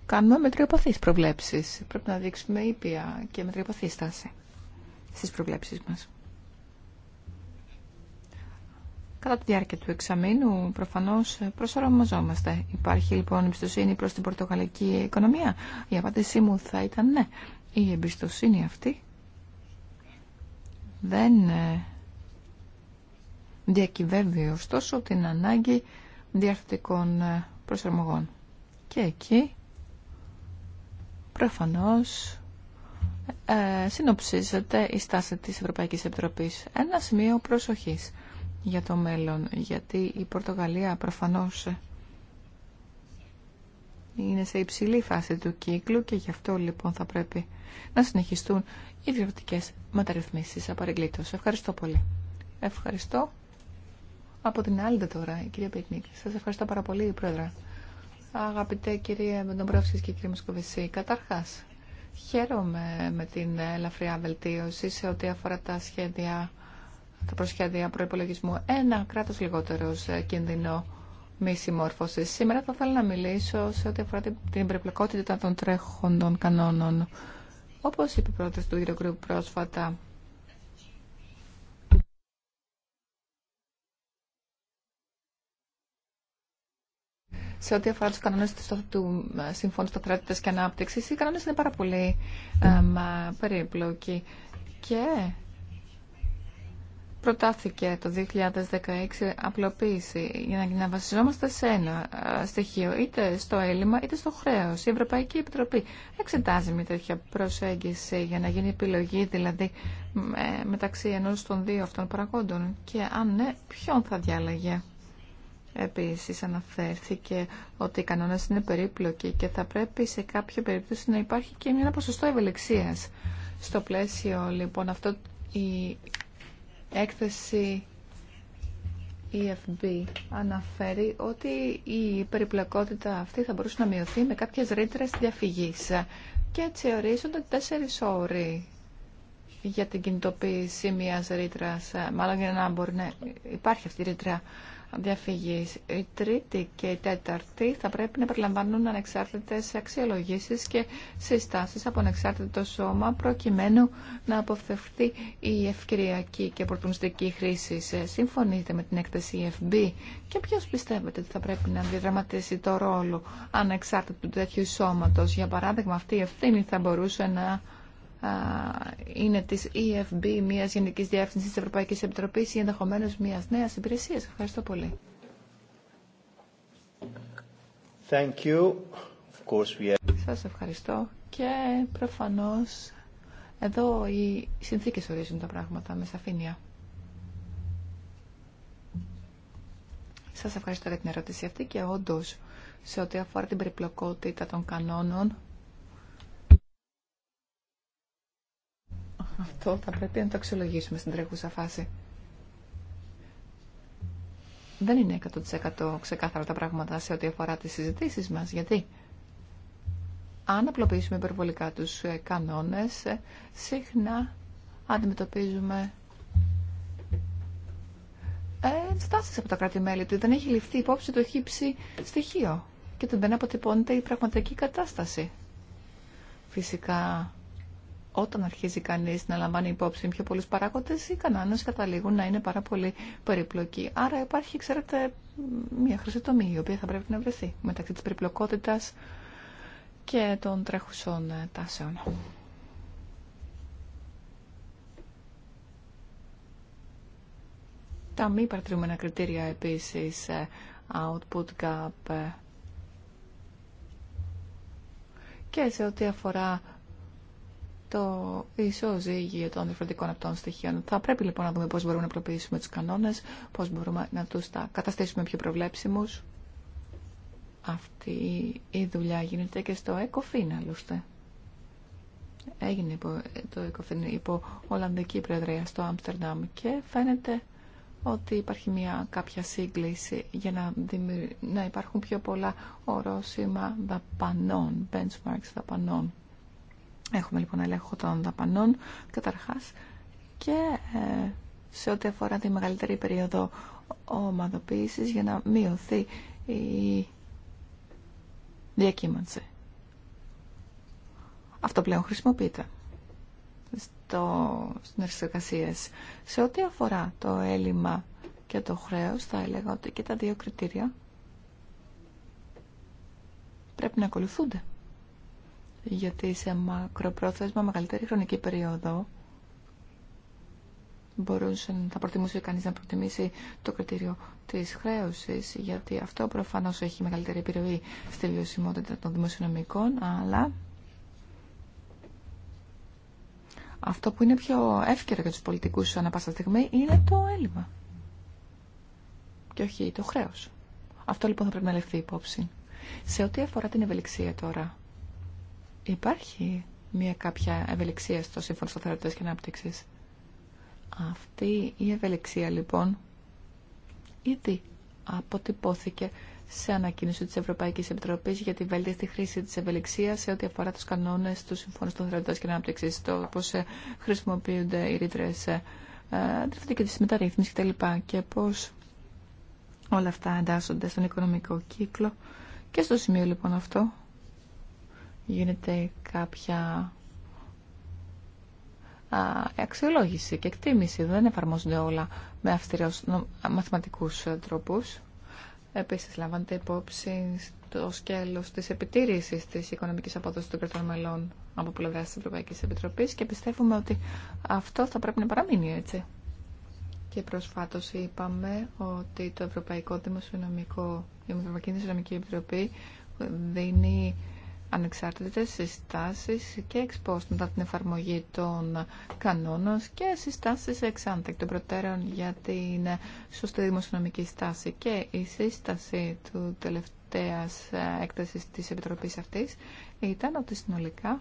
κάνουμε μετριοπαθείς προβλέψεις. Πρέπει να δείξουμε ήπια και μετριοπαθή στάση στις προβλέψεις μας. Κατά τη διάρκεια του εξαμήνου, προφανώς, προσαρμοζόμαστε. Υπάρχει λοιπόν εμπιστοσύνη προς την πορτογαλική οικονομία. Η απάντησή μου θα ήταν ναι. Η εμπιστοσύνη αυτή δεν ε, διακυβεύει ωστόσο την ανάγκη διαρθωτικών ε, προσαρμογών. Και εκεί προφανώς ε, συνοψίζεται η στάση της Ευρωπαϊκής Επιτροπής. Ένα σημείο προσοχής για το μέλλον, γιατί η Πορτογαλία προφανώς είναι σε υψηλή φάση του κύκλου και γι' αυτό λοιπόν θα πρέπει να συνεχιστούν οι διορτικές μεταρρυθμίσεις απαρεγκλήτως. Ευχαριστώ πολύ. Ευχαριστώ. Από την άλλη τώρα, η κυρία Πίκνικ. Σα ευχαριστώ πάρα πολύ, Πρόεδρε. Αγαπητέ κυρία Μεντομπρόφη και κύριε Μοσκοβισή, Κατάρχά χαίρομαι με την ελαφριά βελτίωση σε ό,τι αφορά τα σχέδια, τα προσχέδια προπολογισμού. Ένα κράτο λιγότερο κίνδυνο μη συμμόρφωση. Σήμερα θα ήθελα να μιλήσω σε ό,τι αφορά την περιπλοκότητα των τρέχοντων κανόνων. όπω είπε πρώτα του Eurogroup πρόσφατα, σε ό,τι αφορά τους κανόνες του, του ε, Συμφώνου Σταθερότητας και Ανάπτυξης, οι κανόνες είναι πάρα πολύ εμ, περίπλοκοι. Και προτάθηκε το 2016 απλοποίηση για να, να βασιζόμαστε σε ένα ε, στοιχείο, είτε στο έλλειμμα είτε στο χρέος. Η Ευρωπαϊκή Επιτροπή εξετάζει μια τέτοια προσέγγιση για να γίνει επιλογή δηλαδή ε, μεταξύ ενός των δύο αυτών παραγόντων και αν ναι, ποιον θα διάλεγε. Επίσης αναφέρθηκε ότι οι κανόνες είναι περίπλοκοι και θα πρέπει σε κάποια περίπτωση να υπάρχει και ένα ποσοστό ευελιξίας. Στο πλαίσιο λοιπόν αυτό η έκθεση EFB αναφέρει ότι η περιπλοκότητα αυτή θα μπορούσε να μειωθεί με κάποιες ρήτρες διαφυγής. Και έτσι ορίζονται τέσσερις όροι για την κινητοποίηση μια ρήτρα, ε, μάλλον για να μπορεί να υπάρχει αυτή η ρήτρα διαφυγή. Η τρίτη και η τέταρτη θα πρέπει να περιλαμβάνουν ανεξάρτητες αξιολογήσει και συστάσει από ανεξάρτητο σώμα προκειμένου να αποφευθεί η ευκαιριακή και οπορτουνιστική χρήση. Συμφωνείτε με την έκθεση EFB και ποιο πιστεύετε ότι θα πρέπει να διαδραματίσει το ρόλο ανεξάρτητου τέτοιου σώματο. Για παράδειγμα αυτή η ευθύνη θα μπορούσε να είναι της EFB, μιας Γενικής Διεύθυνσης της Ευρωπαϊκής Επιτροπής ή ενδεχομένως μιας νέας υπηρεσίας. Ευχαριστώ πολύ. Thank you. Of course we Σας ευχαριστώ και προφανώς εδώ οι συνθήκες ορίζουν τα πράγματα με σαφήνεια. Σας ευχαριστώ για την ερώτηση αυτή και όντως σε ό,τι αφορά την περιπλοκότητα των κανόνων Αυτό θα πρέπει να το αξιολογήσουμε στην τρέχουσα φάση. Δεν είναι 100% ξεκάθαρα τα πράγματα σε ό,τι αφορά τις συζητήσεις μας. Γιατί αν απλοποιήσουμε υπερβολικά τους ε, κανόνες, ε, συχνά αντιμετωπίζουμε ε, ενστάσεις από τα κράτη-μέλη του. δεν έχει ληφθεί υπόψη το χύψη στοιχείο και δεν αποτυπώνεται η πραγματική κατάσταση. Φυσικά όταν αρχίζει κανείς να λαμβάνει υπόψη πιο πολλού παράγοντες, οι κανόνε καταλήγουν να είναι πάρα πολύ περιπλοκοί. Άρα υπάρχει, ξέρετε, μια χρυσή τομή η οποία θα πρέπει να βρεθεί μεταξύ της περιπλοκότητας και των τρέχουσων τάσεων. Τα μη παρατηρούμενα κριτήρια επίσης, ε, output gap και σε ό,τι αφορά το ισοζύγιο των διαφορετικών αυτών στοιχείων. Θα πρέπει λοιπόν να δούμε πώς μπορούμε να προποιήσουμε τους κανόνες, πώς μπορούμε να τους τα καταστήσουμε πιο προβλέψιμους. Αυτή η δουλειά γίνεται και στο ΕΚΟΦΗΝ άλλωστε. Έγινε το ΕΚΟΦΗΝ υπό Ολλανδική Προεδρία στο Άμστερνταμ και φαίνεται ότι υπάρχει μια κάποια σύγκληση για να, να υπάρχουν πιο πολλά ορόσημα δαπανών, benchmarks δαπανών. Έχουμε λοιπόν ελέγχο των δαπανών καταρχάς και ε, σε ό,τι αφορά τη μεγαλύτερη περίοδο ομαδοποίησης για να μειωθεί η διακύμανση. Αυτό πλέον χρησιμοποιείται στο, στις Σε ό,τι αφορά το έλλειμμα και το χρέος, θα έλεγα ότι και τα δύο κριτήρια πρέπει να ακολουθούνται γιατί σε μακροπρόθεσμα μεγαλύτερη χρονική περίοδο μπορούσε, θα προτιμούσε κανείς να προτιμήσει το κριτήριο της χρέωσης γιατί αυτό προφανώς έχει μεγαλύτερη επιρροή στη βιωσιμότητα των δημοσιονομικών αλλά αυτό που είναι πιο εύκαιρο για τους πολιτικούς ανά πάσα στιγμή είναι το έλλειμμα και όχι το χρέος. Αυτό λοιπόν θα πρέπει να λεφθεί υπόψη. Σε ό,τι αφορά την ευελιξία τώρα, Υπάρχει μια κάποια ευελιξία στο Σύμφωνο Θεραπευτές και Ανάπτυξης. Αυτή η ευελιξία λοιπόν ήδη αποτυπώθηκε σε ανακοίνωση της Ευρωπαϊκής Επιτροπής για τη βέλτιστη χρήση της ευελιξίας σε ό,τι αφορά τους κανόνες του Συμφώνου Θεραπευτές και Ανάπτυξης, το πώς ε, χρησιμοποιούνται οι ρήτρες ε, ε, και τη μεταρρύθμιση κτλ. και πώς όλα αυτά εντάσσονται στον οικονομικό κύκλο. Και στο σημείο λοιπόν αυτό γίνεται κάποια αξιολόγηση και εκτίμηση. Δεν εφαρμόζονται όλα με αυστηρούς μαθηματικούς ε, τρόπους. Επίσης, λαμβάνεται υπόψη το σκέλος της επιτήρησης της οικονομικής απόδοσης των κρατών μελών από πλευρά της Ευρωπαϊκής Επιτροπής και πιστεύουμε ότι αυτό θα πρέπει να παραμείνει έτσι. Και προσφάτως είπαμε ότι το Ευρωπαϊκό Δημοσιονομικό, η Ευρωπαϊκή Δημοσιονομική Επιτροπή δίνει ανεξάρτητες συστάσεις και εξπόστ την εφαρμογή των κανόνων και συστάσεις εξάντεκ προτέρων για την σωστή δημοσιονομική στάση και η σύσταση του τελευταίας ε, έκτασης της Επιτροπής αυτής ήταν ότι συνολικά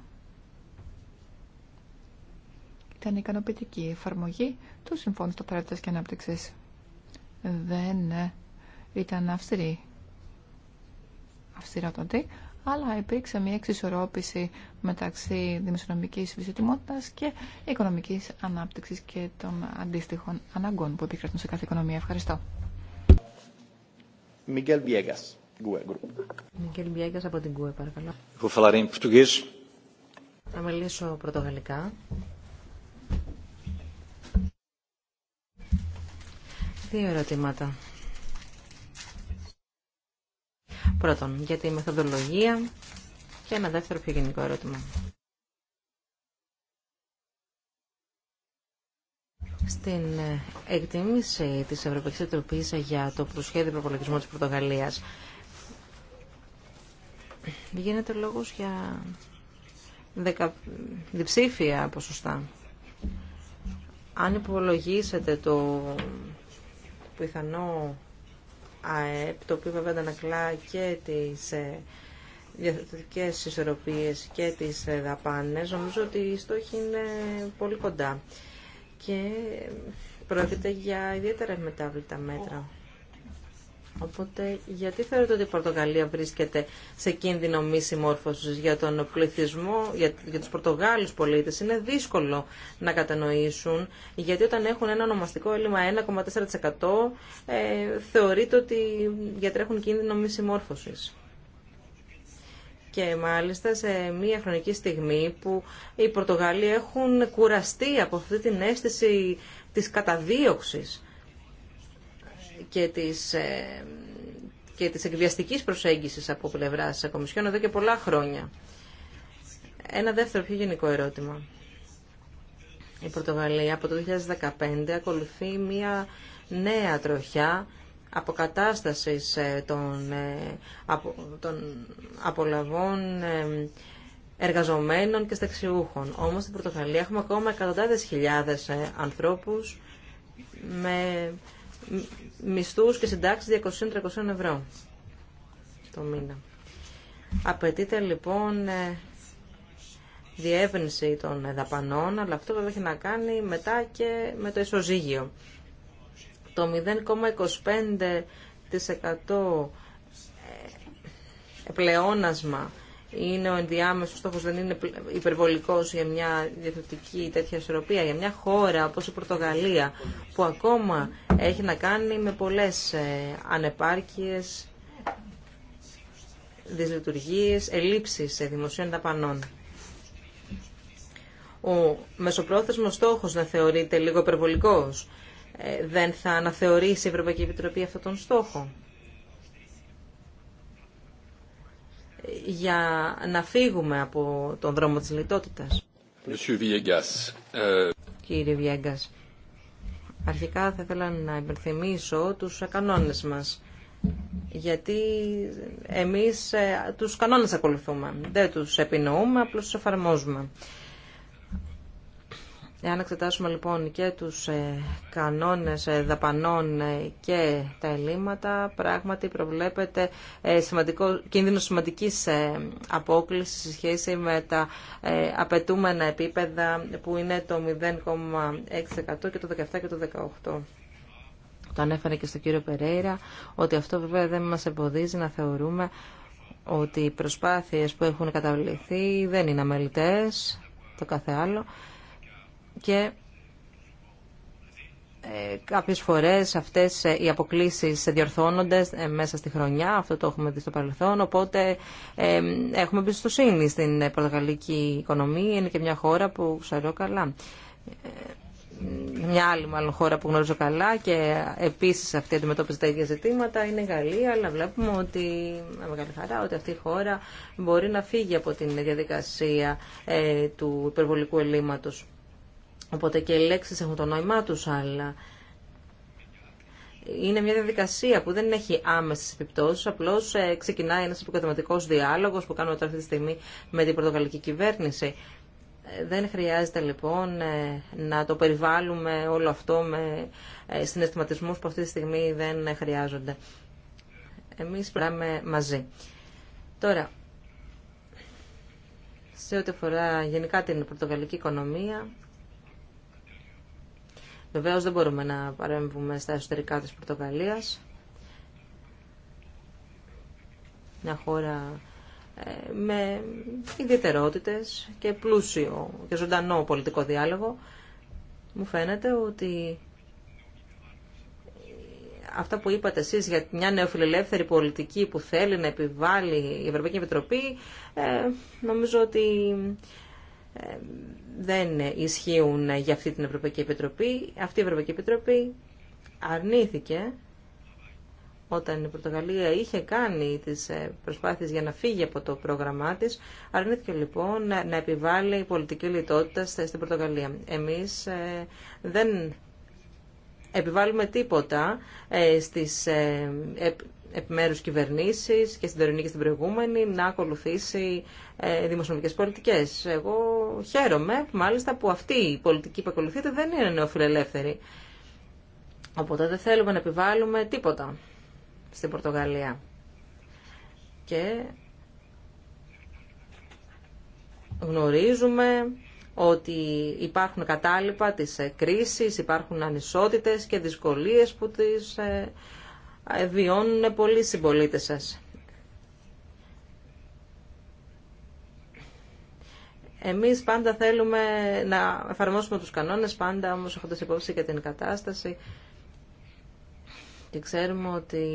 ήταν ικανοποιητική η εφαρμογή του Συμφώνου Σταθερότητας και Ανάπτυξης. Δεν ε, ήταν αυστηρή αυστηρότατη, αλλά υπήρξε μια εξισορρόπηση μεταξύ δημοσιονομικής βιζιτιμότητας και οικονομικής ανάπτυξης και των αντίστοιχων αναγκών που επικρατούν σε κάθε οικονομία. Ευχαριστώ. από την παρακαλώ. Θα μιλήσω πρωτογαλλικά. Δύο ερωτήματα. Πρώτον, για τη μεθοδολογία και ένα δεύτερο πιο γενικό ερώτημα. Στην εκτίμηση της Ευρωπαϊκής Επιτροπής για το προσχέδιο προπολογισμού της Πορτογαλίας γίνεται λόγος για δεκα... διψήφια ποσοστά. Αν υπολογίσετε το πιθανό ΑΕΠ, το οποίο βέβαια αντανακλά και τις ε, διαθετικές ισορροπίες και τις ε, δαπάνες, νομίζω ότι η στόχη είναι πολύ κοντά. Και πρόκειται για ιδιαίτερα μετάβλητα μέτρα. Οπότε, γιατί θεωρείτε ότι η Πορτογαλία βρίσκεται σε κίνδυνο μη συμμόρφωση για τον πληθυσμό, για, για τους Πορτογάλους πολίτες. Είναι δύσκολο να κατανοήσουν, γιατί όταν έχουν ένα ονομαστικό έλλειμμα 1,4% ε, θεωρείται ότι διατρέχουν κίνδυνο μη συμμόρφωση. Και μάλιστα σε μια χρονική στιγμή που οι Πορτογάλοι έχουν κουραστεί από αυτή την αίσθηση της καταδίωξης και της, ε, και της εκβιαστικής προσέγγισης από πλευράς Κομισιόν εδώ και πολλά χρόνια. Ένα δεύτερο πιο γενικό ερώτημα. Η Πορτογαλία από το 2015 ακολουθεί μια νέα τροχιά αποκατάστασης ε, των, ε, των απολαβών εργαζομένων και στεξιούχων. Όμως στην Πορτογαλία έχουμε ακόμα εκατοντάδες χιλιάδες ανθρώπους με μισθούς και συντάξεις 200-300 ευρώ το μήνα. Απαιτείται λοιπόν ε, διεύρυνση των δαπανών, αλλά αυτό βέβαια έχει να κάνει μετά και με το ισοζύγιο. Το 0,25% ε, πλεόνασμα είναι ο ενδιάμεσος στόχος, δεν είναι υπερβολικός για μια διαθετική τέτοια ισορροπία, για μια χώρα όπως η Πορτογαλία, που ακόμα έχει να κάνει με πολλές ε, ανεπάρκειες, δυσλειτουργίες, ελλείψεις δημοσίων ταπανών. Ο μεσοπρόθεσμος στόχος να θεωρείται λίγο υπερβολικός. Ε, δεν θα αναθεωρήσει η Ευρωπαϊκή Επιτροπή αυτόν τον στόχο. για να φύγουμε από τον δρόμο της λιτότητας. Ε, Κύριε Βιέγκας, αρχικά θα ήθελα να υπενθυμίσω τους κανόνες μας. Γιατί εμείς ε, τους κανόνες ακολουθούμε. Δεν τους επινοούμε, απλώς τους εφαρμόζουμε. Εάν εξετάσουμε λοιπόν και τους ε, κανόνες ε, δαπανών ε, και τα ελλείμματα, πράγματι προβλέπεται σημαντικό, κίνδυνο σημαντικής απόκλησης σε σχέση με τα απαιτούμενα επίπεδα που είναι το 0,6% και το 17% και το 18%. Το ανέφερε και στον κύριο Περέιρα ότι αυτό βέβαια δεν μας εμποδίζει να θεωρούμε ότι οι προσπάθειες που έχουν καταβληθεί δεν είναι αμελητές, το κάθε άλλο και ε, κάποιες φορές αυτές ε, οι αποκλήσεις διορθώνονται ε, μέσα στη χρονιά, αυτό το έχουμε δει στο παρελθόν, οπότε έχουμε εμπιστοσύνη στην πορτογαλική οικονομία, είναι και μια χώρα που ξέρω καλά. Μια άλλη μάλλον χώρα που γνωρίζω καλά και επίσης αυτή αντιμετώπιζε τα ίδια ζητήματα είναι η Γαλλία, αλλά βλέπουμε ότι, με μεγάλη χαρά, ότι αυτή η χώρα μπορεί να φύγει από την διαδικασία του υπερβολικού ελλείμματος. Οπότε και οι λέξεις έχουν το νόημά τους, αλλά είναι μια διαδικασία που δεν έχει άμεση επιπτώσει. Απλώ ε, ξεκινάει ένα επικοδηματικό διάλογο που κάνουμε τώρα αυτή τη στιγμή με την πορτογαλική κυβέρνηση. Ε, δεν χρειάζεται λοιπόν ε, να το περιβάλλουμε όλο αυτό με συναισθηματισμούς που αυτή τη στιγμή δεν χρειάζονται. Εμείς πράγμα μαζί. Τώρα, σε ό,τι αφορά γενικά την πορτογαλική οικονομία, Βεβαίω δεν μπορούμε να παρέμβουμε στα εσωτερικά της Πορτογαλίας. Μια χώρα ε, με ιδιαιτερότητες και πλούσιο και ζωντανό πολιτικό διάλογο. Μου φαίνεται ότι αυτά που είπατε εσείς για μια νεοφιλελεύθερη πολιτική που θέλει να επιβάλλει η Ευρωπαϊκή Επιτροπή, ε, νομίζω ότι δεν ισχύουν για αυτή την Ευρωπαϊκή Επιτροπή. Αυτή η Ευρωπαϊκή Επιτροπή αρνήθηκε όταν η Πορτογαλία είχε κάνει τις ε, προσπάθειες για να φύγει από το πρόγραμμά της, αρνήθηκε λοιπόν να επιβάλλει πολιτική λιτότητα στην Πορτογαλία. Εμείς ε, δεν επιβάλλουμε τίποτα ε, στις Επιμέρου κυβερνήσει και στην τωρινή και στην προηγούμενη να ακολουθήσει ε, δημοσιονομικέ πολιτικές. Εγώ χαίρομαι μάλιστα που αυτή η πολιτική που ακολουθείται δεν είναι νεοφιλελεύθερη. Οπότε δεν θέλουμε να επιβάλλουμε τίποτα στην Πορτογαλία. Και γνωρίζουμε ότι υπάρχουν κατάλοιπα της κρίσης, υπάρχουν ανισότητες και δυσκολίες που τις ε, βιώνουν πολλοί συμπολίτε σας. Εμείς πάντα θέλουμε να εφαρμόσουμε τους κανόνες, πάντα όμως έχοντας υπόψη και την κατάσταση και ξέρουμε ότι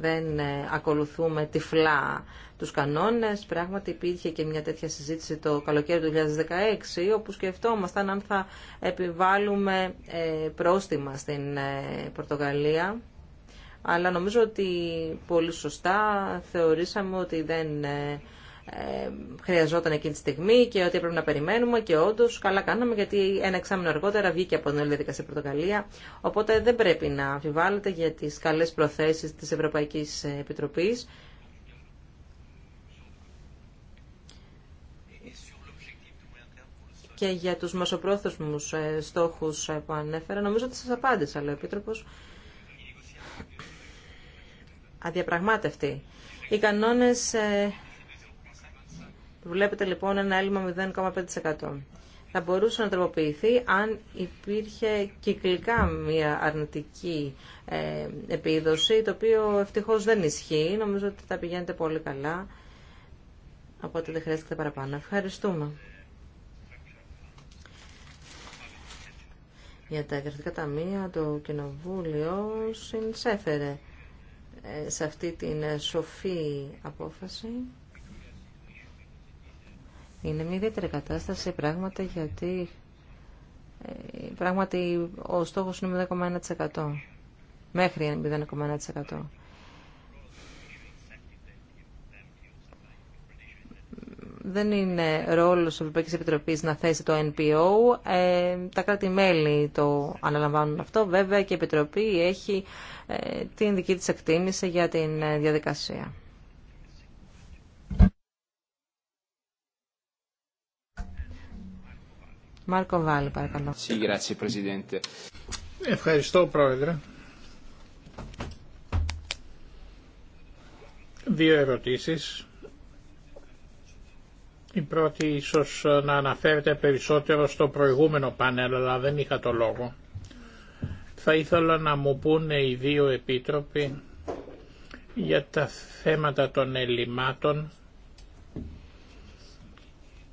δεν ακολουθούμε τυφλά τους κανόνες. Πράγματι υπήρχε και μια τέτοια συζήτηση το καλοκαίρι του 2016, όπου σκεφτόμασταν αν θα επιβάλλουμε ε, πρόστιμα στην ε, Πορτογαλία αλλά νομίζω ότι πολύ σωστά θεωρήσαμε ότι δεν ε, ε, χρειαζόταν εκείνη τη στιγμή και ότι έπρεπε να περιμένουμε και όντω καλά κάναμε γιατί ένα εξάμεινο αργότερα βγήκε από την όλη διαδικασία Πορτογαλία. Οπότε δεν πρέπει να αμφιβάλλετε για τι καλέ προθέσει τη Ευρωπαϊκή Επιτροπή. Και για τους μεσοπρόθεσμους ε, στόχους που ανέφερα, νομίζω ότι σας απάντησα, λέει ο Επίτροπος αδιαπραγμάτευτη. Οι κανόνες ε, βλέπετε λοιπόν ένα έλλειμμα 0,5%. Θα μπορούσε να τροποποιηθεί αν υπήρχε κυκλικά μια αρνητική ε, επίδοση, το οποίο ευτυχώς δεν ισχύει. Νομίζω ότι τα πηγαίνετε πολύ καλά, οπότε δεν χρειάζεται παραπάνω. Ευχαριστούμε. Για τα εγγραφικά ταμεία το Κοινοβούλιο συνσέφερε σε αυτή την ε, σοφή απόφαση. Είναι μια ιδιαίτερη κατάσταση πράγματα γιατί ε, πράγματι ο στόχος είναι 0,1% μέχρι 0,1%. δεν είναι ρόλο τη Ευρωπαϊκή Επιτροπή να θέσει το NPO. Ε, τα κράτη-μέλη το αναλαμβάνουν αυτό. Βέβαια και η Επιτροπή έχει ε, την δική της εκτίμηση για την ε, διαδικασία. Μάρκο Βάλλη, παρακαλώ. Ευχαριστώ, Πρόεδρε. Δύο ερωτήσεις η πρώτη ίσως να αναφέρεται περισσότερο στο προηγούμενο πάνελ, αλλά δεν είχα το λόγο. Θα ήθελα να μου πούνε οι δύο επίτροποι για τα θέματα των ελλημάτων,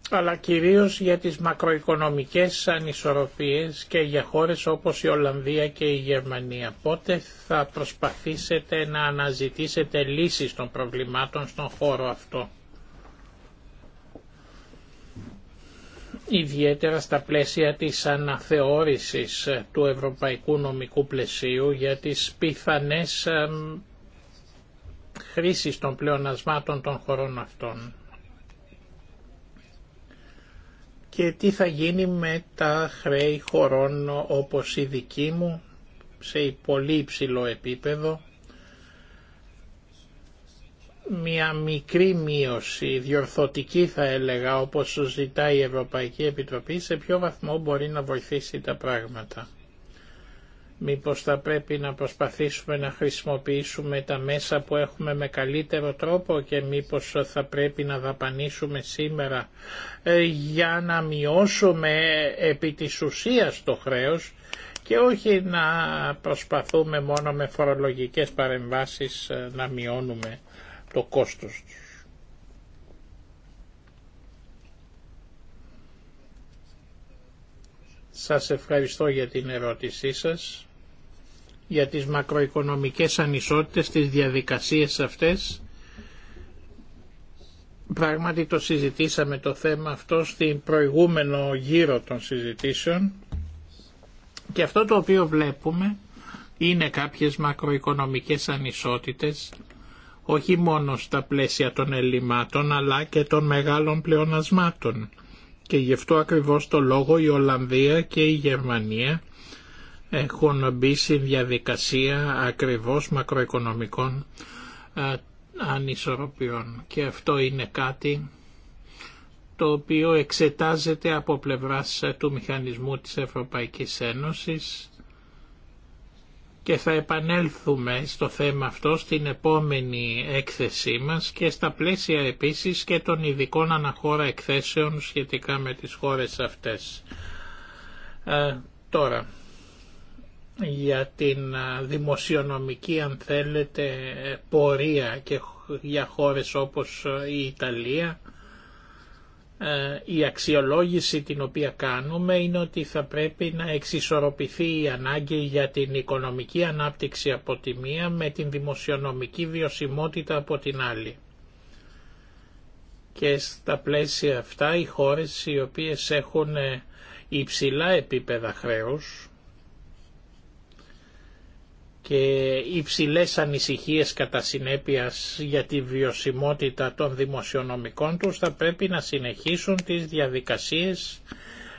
αλλά κυρίως για τις μακροοικονομικές ανισορροπίες και για χώρες όπως η Ολλανδία και η Γερμανία. Πότε θα προσπαθήσετε να αναζητήσετε λύσεις των προβλημάτων στον χώρο αυτό. ιδιαίτερα στα πλαίσια της αναθεώρησης του ευρωπαϊκού νομικού πλαισίου για τις πιθανές χρήσεις των πλεονασμάτων των χωρών αυτών. Και τι θα γίνει με τα χρέη χωρών όπως η δική μου σε πολύ υψηλό επίπεδο μια μικρή μείωση, διορθωτική θα έλεγα, όπως ζητάει η Ευρωπαϊκή Επιτροπή, σε ποιο βαθμό μπορεί να βοηθήσει τα πράγματα. Μήπως θα πρέπει να προσπαθήσουμε να χρησιμοποιήσουμε τα μέσα που έχουμε με καλύτερο τρόπο και μήπως θα πρέπει να δαπανίσουμε σήμερα ε, για να μειώσουμε επί της ουσίας το χρέος και όχι να προσπαθούμε μόνο με φορολογικές παρεμβάσεις ε, να μειώνουμε το κόστος τους. Σας ευχαριστώ για την ερώτησή σας, για τις μακροοικονομικές ανισότητες, τις διαδικασίες αυτές. Πράγματι το συζητήσαμε το θέμα αυτό στην προηγούμενο γύρο των συζητήσεων και αυτό το οποίο βλέπουμε είναι κάποιες μακροοικονομικές ανισότητες όχι μόνο στα πλαίσια των ελλημάτων αλλά και των μεγάλων πλεονασμάτων. Και γι' αυτό ακριβώς το λόγο η Ολλανδία και η Γερμανία έχουν μπει στη διαδικασία ακριβώς μακροοικονομικών ανισορροπιών. Και αυτό είναι κάτι το οποίο εξετάζεται από πλευράς του μηχανισμού της Ευρωπαϊκής Ένωσης και θα επανέλθουμε στο θέμα αυτό στην επόμενη έκθεσή μας και στα πλαίσια επίσης και των ειδικών αναχώρα εκθέσεων σχετικά με τις χώρες αυτές. Ε, τώρα, για την ε, δημοσιονομική αν θέλετε πορεία και για χώρες όπως ε, η Ιταλία ε, η αξιολόγηση την οποία κάνουμε είναι ότι θα πρέπει να εξισορροπηθεί η ανάγκη για την οικονομική ανάπτυξη από τη μία με την δημοσιονομική βιωσιμότητα από την άλλη. Και στα πλαίσια αυτά οι χώρες οι οποίες έχουν υψηλά επίπεδα χρέους και υψηλές ανησυχίες κατά συνέπειας για τη βιωσιμότητα των δημοσιονομικών τους θα πρέπει να συνεχίσουν τις διαδικασίες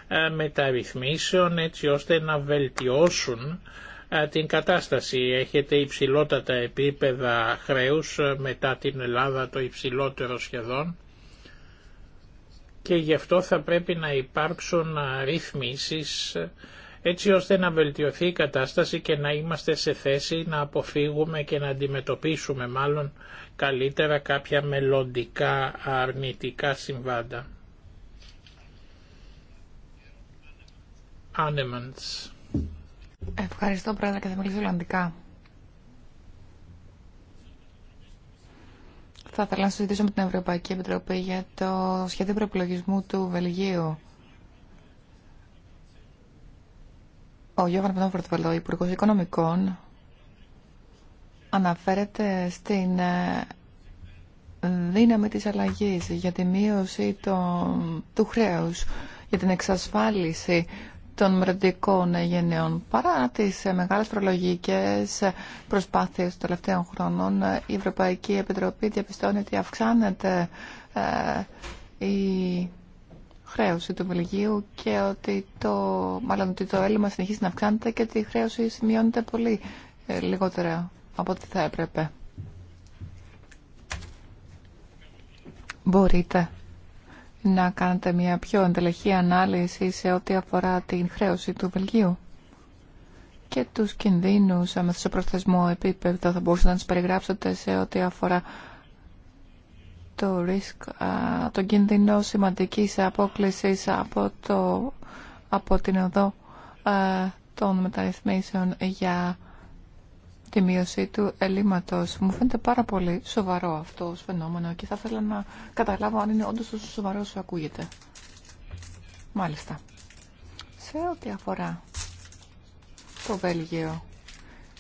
ε, μεταρρυθμίσεων έτσι ώστε να βελτιώσουν ε, την κατάσταση. Έχετε υψηλότατα επίπεδα χρέους ε, μετά την Ελλάδα το υψηλότερο σχεδόν και γι' αυτό θα πρέπει να υπάρξουν ρυθμίσεις έτσι ώστε να βελτιωθεί η κατάσταση και να είμαστε σε θέση να αποφύγουμε και να αντιμετωπίσουμε μάλλον καλύτερα κάποια μελλοντικά αρνητικά συμβάντα. Άνεμαντς. Ευχαριστώ πρόεδρε και θα μιλήσω Ολλανδικά. Θα ήθελα να συζητήσω με την Ευρωπαϊκή Επιτροπή για το σχέδιο προπολογισμού του Βελγίου. ο Γιώργο Παπαδόπουλο, Υπουργός Οικονομικών, αναφέρεται στην ε, δύναμη της αλλαγής για τη μείωση του χρέους, για την εξασφάλιση των μελλοντικών γενναιών. Παρά τις ε, μεγάλες προλογικές ε, προσπάθειες των τελευταίων χρόνων, η Ευρωπαϊκή Επιτροπή διαπιστώνει ότι αυξάνεται η χρέωση του Βελγίου και ότι το, μάλλον ότι το έλλειμμα συνεχίζει να αυξάνεται και ότι η χρέωση σημειώνεται πολύ ε, λιγότερα από ό,τι θα έπρεπε. Μπορείτε να κάνετε μια πιο εντελεχή ανάλυση σε ό,τι αφορά την χρέωση του Βελγίου και τους κινδύνους με προθεσμό επίπεδο θα μπορούσατε να τις περιγράψετε σε ό,τι αφορά το risk, το κίνδυνο σημαντική απόκληση από, το, από την οδό των μεταρρυθμίσεων για τη μείωση του ελλείμματος. Μου φαίνεται πάρα πολύ σοβαρό αυτό ως φαινόμενο και θα ήθελα να καταλάβω αν είναι όντως τόσο σοβαρό όσο ακούγεται. Μάλιστα. Σε ό,τι αφορά το Βέλγιο,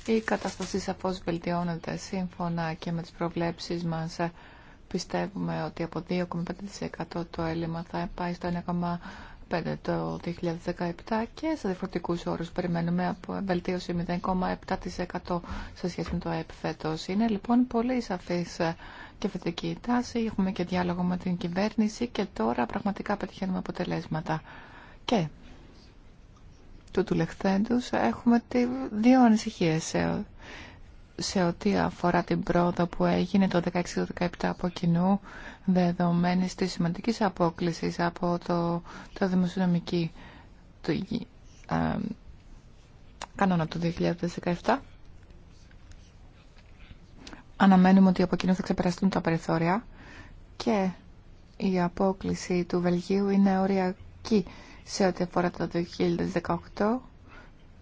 η κατάσταση σαφώς βελτιώνεται σύμφωνα και με τις προβλέψεις μας Πιστεύουμε ότι από 2,5% το έλλειμμα θα πάει στο 1,5% το 2017 και σε διαφορετικού όρους περιμένουμε από βελτίωση 0,7% σε σχέση με το ΑΕΠ Είναι λοιπόν πολύ σαφής και θετική τάση. Έχουμε και διάλογο με την κυβέρνηση και τώρα πραγματικά πετυχαίνουμε αποτελέσματα. Και του τουλεχθέντους έχουμε δύο ανησυχίες σε ό,τι αφορά την πρόοδο που έγινε το 16 17 από κοινού δεδομένης της σημαντικής απόκληση από το, το δημοσιονομική του ε, κανόνα του 2017 αναμένουμε ότι από κοινού θα ξεπεραστούν τα περιθώρια και η απόκληση του Βελγίου είναι οριακή σε ό,τι αφορά το 2018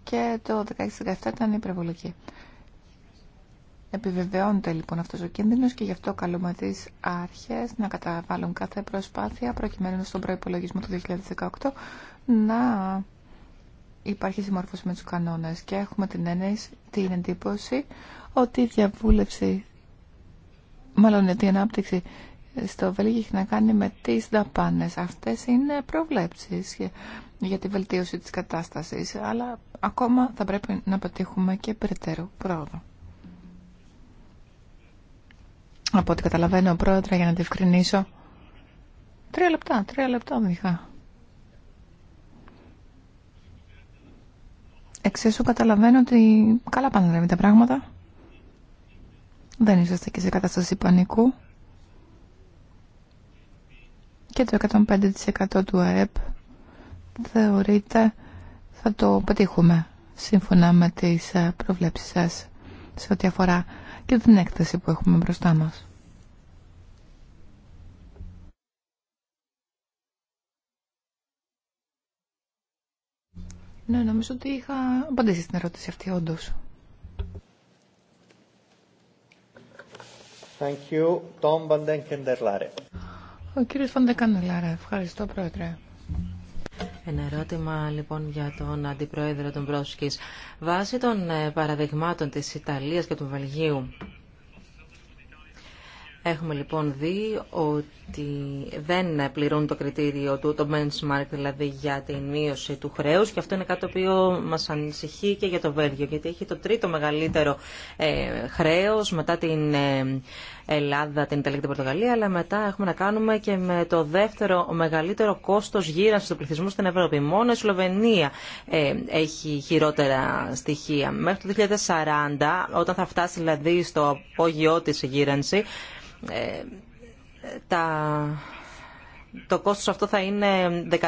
και το 2016-2017 ήταν υπερβολική. Επιβεβαιώνεται λοιπόν αυτό ο κίνδυνο και γι' αυτό καλούμε τι άρχε να καταβάλουν κάθε προσπάθεια προκειμένου στον προπολογισμό του 2018 να υπάρχει συμμόρφωση με του κανόνε και έχουμε την, την εντύπωση ότι η διαβούλευση, μάλλον η ανάπτυξη στο Βέλγιο έχει να κάνει με τι δαπάνε. Αυτέ είναι προβλέψει για τη βελτίωση τη κατάσταση, αλλά ακόμα θα πρέπει να πετύχουμε και περαιτέρω πρόοδο. Από ό,τι καταλαβαίνω, πρόεδρε, για να ευκρινίσω. Τρία λεπτά, τρία λεπτά μήχα Εξίσου καταλαβαίνω ότι καλά πάνε τα πράγματα. Δεν είσαστε και σε κατάσταση πανικού. Και το 105% του ΑΕΠ θεωρείται θα το πετύχουμε σύμφωνα με τις ε, προβλέψεις σας σε ό,τι αφορά και την έκθεση που έχουμε μπροστά μας. Ναι, νομίζω ότι είχα απαντήσει στην ερώτηση αυτή, όντω. Thank you, Tom Van Ο κύριος Βαντεκάνελάρα, ευχαριστώ πρόεδρε. Ένα ερώτημα λοιπόν για τον Αντιπρόεδρο των Πρόσκης. Βάσει των ε, παραδειγμάτων της Ιταλίας και του Βελγίου, Έχουμε λοιπόν δει ότι δεν πληρούν το κριτήριο του, το benchmark δηλαδή για την μείωση του χρέους και αυτό είναι κάτι το οποίο μας ανησυχεί και για το Βέλγιο γιατί έχει το τρίτο μεγαλύτερο ε, χρέος μετά την ε, Ελλάδα, την Ιταλία και την Πορτογαλία αλλά μετά έχουμε να κάνουμε και με το δεύτερο μεγαλύτερο κόστος γύρανση του πληθυσμού στην Ευρώπη. Μόνο η Σλοβενία ε, έχει χειρότερα στοιχεία. Μέχρι το 2040, όταν θα φτάσει δηλαδή στο απόγειό της γύρανση, ε, τα το κόστος αυτό θα είναι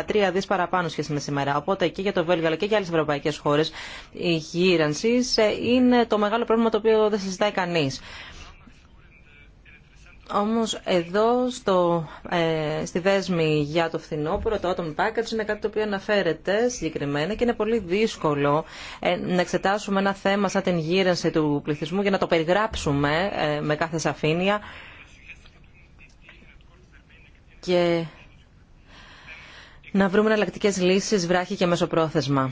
13 δις παραπάνω σχέση με σήμερα. Οπότε και για το Βέλγιο αλλά και για άλλες ευρωπαϊκές χώρες η γύρανση ε, είναι το μεγάλο πρόβλημα το οποίο δεν συζητάει κανείς. Όμως εδώ στο, ε, στη δέσμη για το φθινόπωρο, το Atom Package είναι κάτι το οποίο αναφέρεται συγκεκριμένα και είναι πολύ δύσκολο να εξετάσουμε ένα θέμα σαν την γύρανση του πληθυσμού για να το περιγράψουμε με κάθε σαφήνεια και να βρούμε εναλλακτικέ λύσει βράχη και μεσοπρόθεσμα.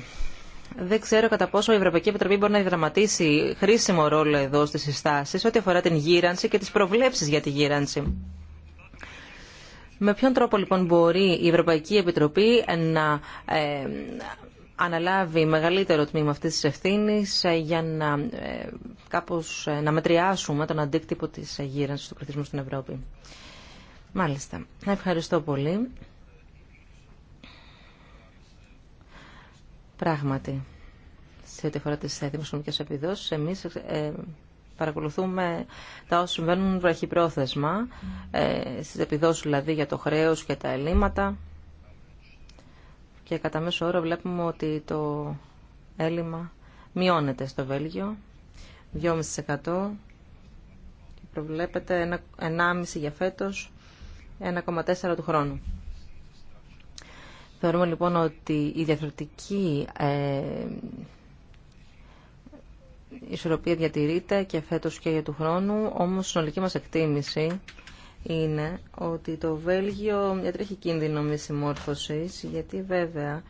Δεν ξέρω κατά πόσο η Ευρωπαϊκή Επιτροπή μπορεί να διδραματίσει χρήσιμο ρόλο εδώ στι συστάσει ό,τι αφορά την γύρανση και τι προβλέψει για τη γύρανση. Με ποιον τρόπο λοιπόν μπορεί η Ευρωπαϊκή Επιτροπή να ε, αναλάβει μεγαλύτερο τμήμα αυτής της ευθύνης ε, για να, ε, κάπως, να μετριάσουμε τον αντίκτυπο της γύρανσης του πληθυσμού στην Ευρώπη. Μάλιστα. Ευχαριστώ πολύ. Πράγματι, σε ό,τι αφορά τις δημοσιονομικές επιδόσεις, εμείς ε, ε, παρακολουθούμε τα όσα συμβαίνουν βραχυπρόθεσμα, ε, στις επιδόσεις δηλαδή για το χρέος και τα ελλείμματα. Και κατά μέσο όρο βλέπουμε ότι το έλλειμμα μειώνεται στο Βέλγιο, 2,5% και προβλέπεται 1,5% για φέτος 1,4 του χρόνου. Θεωρούμε λοιπόν ότι η διαφορετική ε, ισορροπία διατηρείται και φέτος και για του χρόνου, όμως η συνολική μας εκτίμηση είναι ότι το Βέλγιο διατρέχει κίνδυνο μη συμμόρφωσης, γιατί βέβαια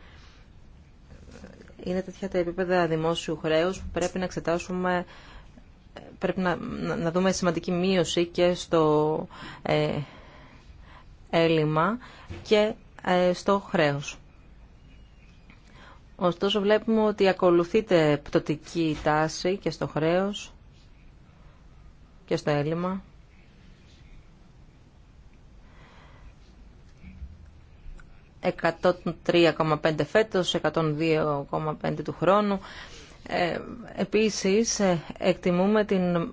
είναι τέτοια τα επίπεδα δημόσιου χρέους που πρέπει να εξετάσουμε πρέπει να, να δούμε σημαντική μείωση και στο ε, έλλειμμα και ε, στο χρέος. Ωστόσο βλέπουμε ότι ακολουθείται πτωτική τάση και στο χρέος και στο έλλειμμα. ...103,5 φέτος, 102,5 του χρόνου. Ε, επίσης, ε, εκτιμούμε την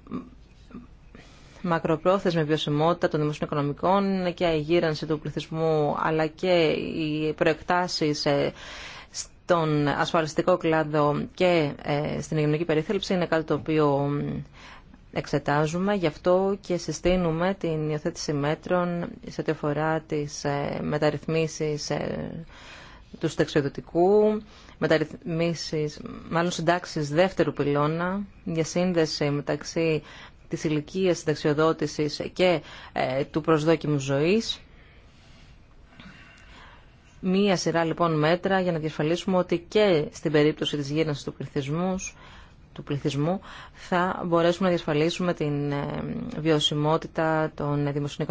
μακροπρόθεσμη βιωσιμότητα των δημοσίων οικονομικών και η γύρανση του πληθυσμού αλλά και οι προεκτάσεις ε, στον ασφαλιστικό κλάδο και ε, στην υγειονομική περίθαλψη είναι κάτι το οποίο εξετάζουμε. Γι' αυτό και συστήνουμε την υιοθέτηση μέτρων σε ό,τι αφορά τι ε, μεταρρυθμίσεις του συνταξιοδοτικού, μεταρρυθμίσεις, μάλλον συντάξεις δεύτερου πυλώνα, για σύνδεση μεταξύ της ηλικίας συνταξιοδότησης και ε, του προσδόκιμου ζωής. Μία σειρά λοιπόν μέτρα για να διασφαλίσουμε ότι και στην περίπτωση της γύρανσης του πληθυσμού, του πληθυσμού θα μπορέσουμε να διασφαλίσουμε την ε, βιωσιμότητα των δημοσίων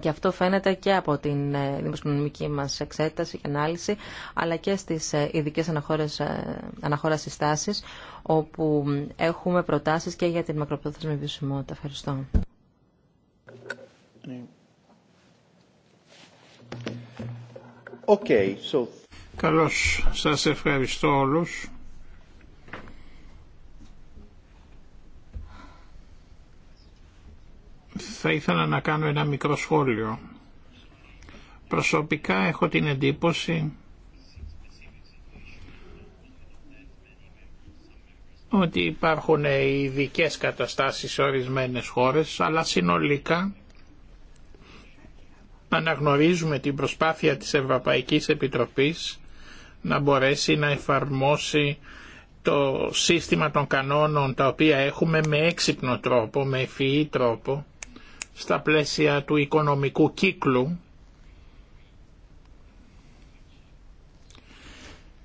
και αυτό φαίνεται και από την δημοσιονομική ε, μας εξέταση και ανάλυση, αλλά και στις ε, ειδικέ αναχώρες ε, συστάσεις, όπου έχουμε προτάσεις και για την μακροπρόθεσμη βιωσιμότητα. Ευχαριστώ. Okay, so... Καλώς. Σας ευχαριστώ όλους. θα ήθελα να κάνω ένα μικρό σχόλιο. Προσωπικά έχω την εντύπωση ότι υπάρχουν ειδικέ καταστάσεις σε ορισμένες χώρες, αλλά συνολικά αναγνωρίζουμε την προσπάθεια της Ευρωπαϊκής Επιτροπής να μπορέσει να εφαρμόσει το σύστημα των κανόνων τα οποία έχουμε με έξυπνο τρόπο, με ευφυή τρόπο στα πλαίσια του οικονομικού κύκλου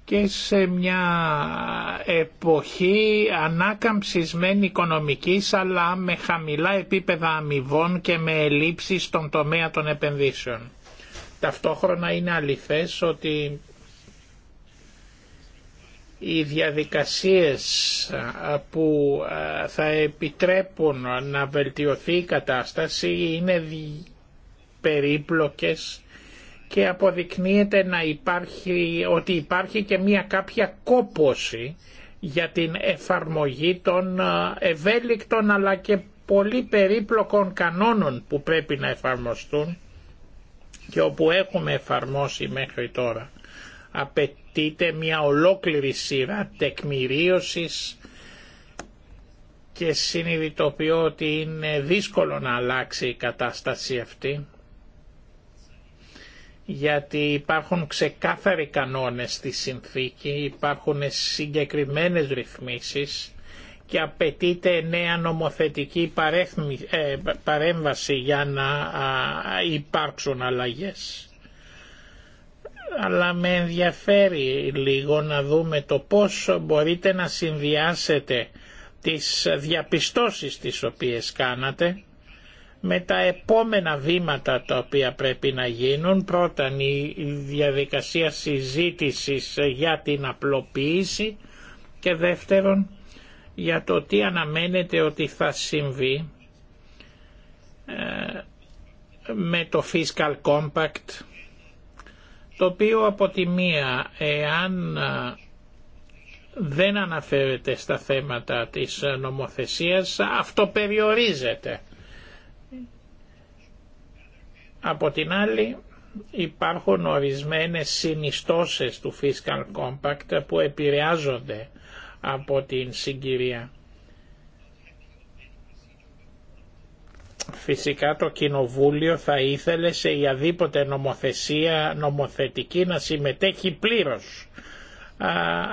και σε μια εποχή ανάκαμψης μεν οικονομικής αλλά με χαμηλά επίπεδα αμοιβών και με ελλείψεις στον τομέα των επενδύσεων. Ταυτόχρονα είναι αληθές ότι οι διαδικασίες που θα επιτρέπουν να βελτιωθεί η κατάσταση είναι περίπλοκες και αποδεικνύεται να υπάρχει, ότι υπάρχει και μία κάποια κόποση για την εφαρμογή των ευέλικτων αλλά και πολύ περίπλοκων κανόνων που πρέπει να εφαρμοστούν και όπου έχουμε εφαρμόσει μέχρι τώρα. Απαιτείται μια ολόκληρη σειρά τεκμηρίωσης και συνειδητοποιώ ότι είναι δύσκολο να αλλάξει η κατάσταση αυτή γιατί υπάρχουν ξεκάθαροι κανόνες στη συνθήκη, υπάρχουν συγκεκριμένες ρυθμίσεις και απαιτείται νέα νομοθετική ε, παρέμβαση για να υπάρξουν αλλαγές αλλά με ενδιαφέρει λίγο να δούμε το πώς μπορείτε να συνδυάσετε τις διαπιστώσεις τις οποίες κάνατε με τα επόμενα βήματα τα οποία πρέπει να γίνουν. Πρώτα η διαδικασία συζήτησης για την απλοποίηση και δεύτερον για το τι αναμένετε ότι θα συμβεί ε, με το Fiscal Compact το οποίο από τη μία εάν δεν αναφέρεται στα θέματα της νομοθεσίας αυτό περιορίζεται. Από την άλλη υπάρχουν ορισμένες συνιστώσεις του Fiscal Compact που επηρεάζονται από την συγκυρία. Φυσικά το Κοινοβούλιο θα ήθελε σε αδίποτε νομοθεσία νομοθετική να συμμετέχει πλήρως.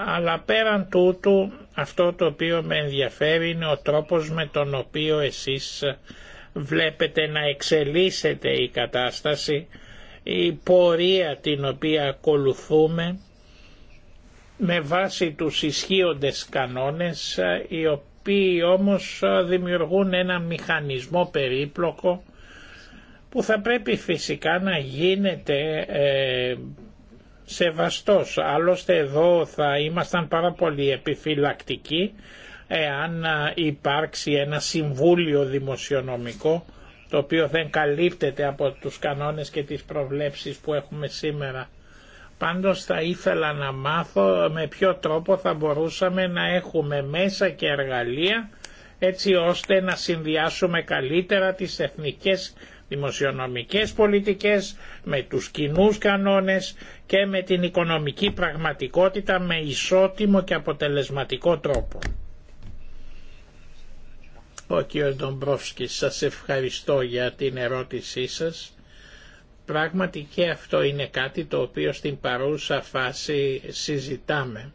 αλλά πέραν τούτου αυτό το οποίο με ενδιαφέρει είναι ο τρόπος με τον οποίο εσείς βλέπετε να εξελίσσεται η κατάσταση, η πορεία την οποία ακολουθούμε με βάση τους ισχύοντες κανόνες οι οποίοι όμως ε, δημιουργούν ένα μηχανισμό περίπλοκο που θα πρέπει φυσικά να γίνεται ε, σεβαστός. Άλλωστε εδώ θα ήμασταν πάρα πολύ επιφυλακτικοί εάν ε, υπάρξει ένα συμβούλιο δημοσιονομικό το οποίο δεν καλύπτεται από τους κανόνες και τις προβλέψεις που έχουμε σήμερα. Πάντως θα ήθελα να μάθω με ποιο τρόπο θα μπορούσαμε να έχουμε μέσα και εργαλεία έτσι ώστε να συνδυάσουμε καλύτερα τις εθνικές δημοσιονομικές πολιτικές με τους κοινούς κανόνες και με την οικονομική πραγματικότητα με ισότιμο και αποτελεσματικό τρόπο. Ο κ. Ντομπρόφσκης, σας ευχαριστώ για την ερώτησή σας Πράγματι και αυτό είναι κάτι το οποίο στην παρούσα φάση συζητάμε.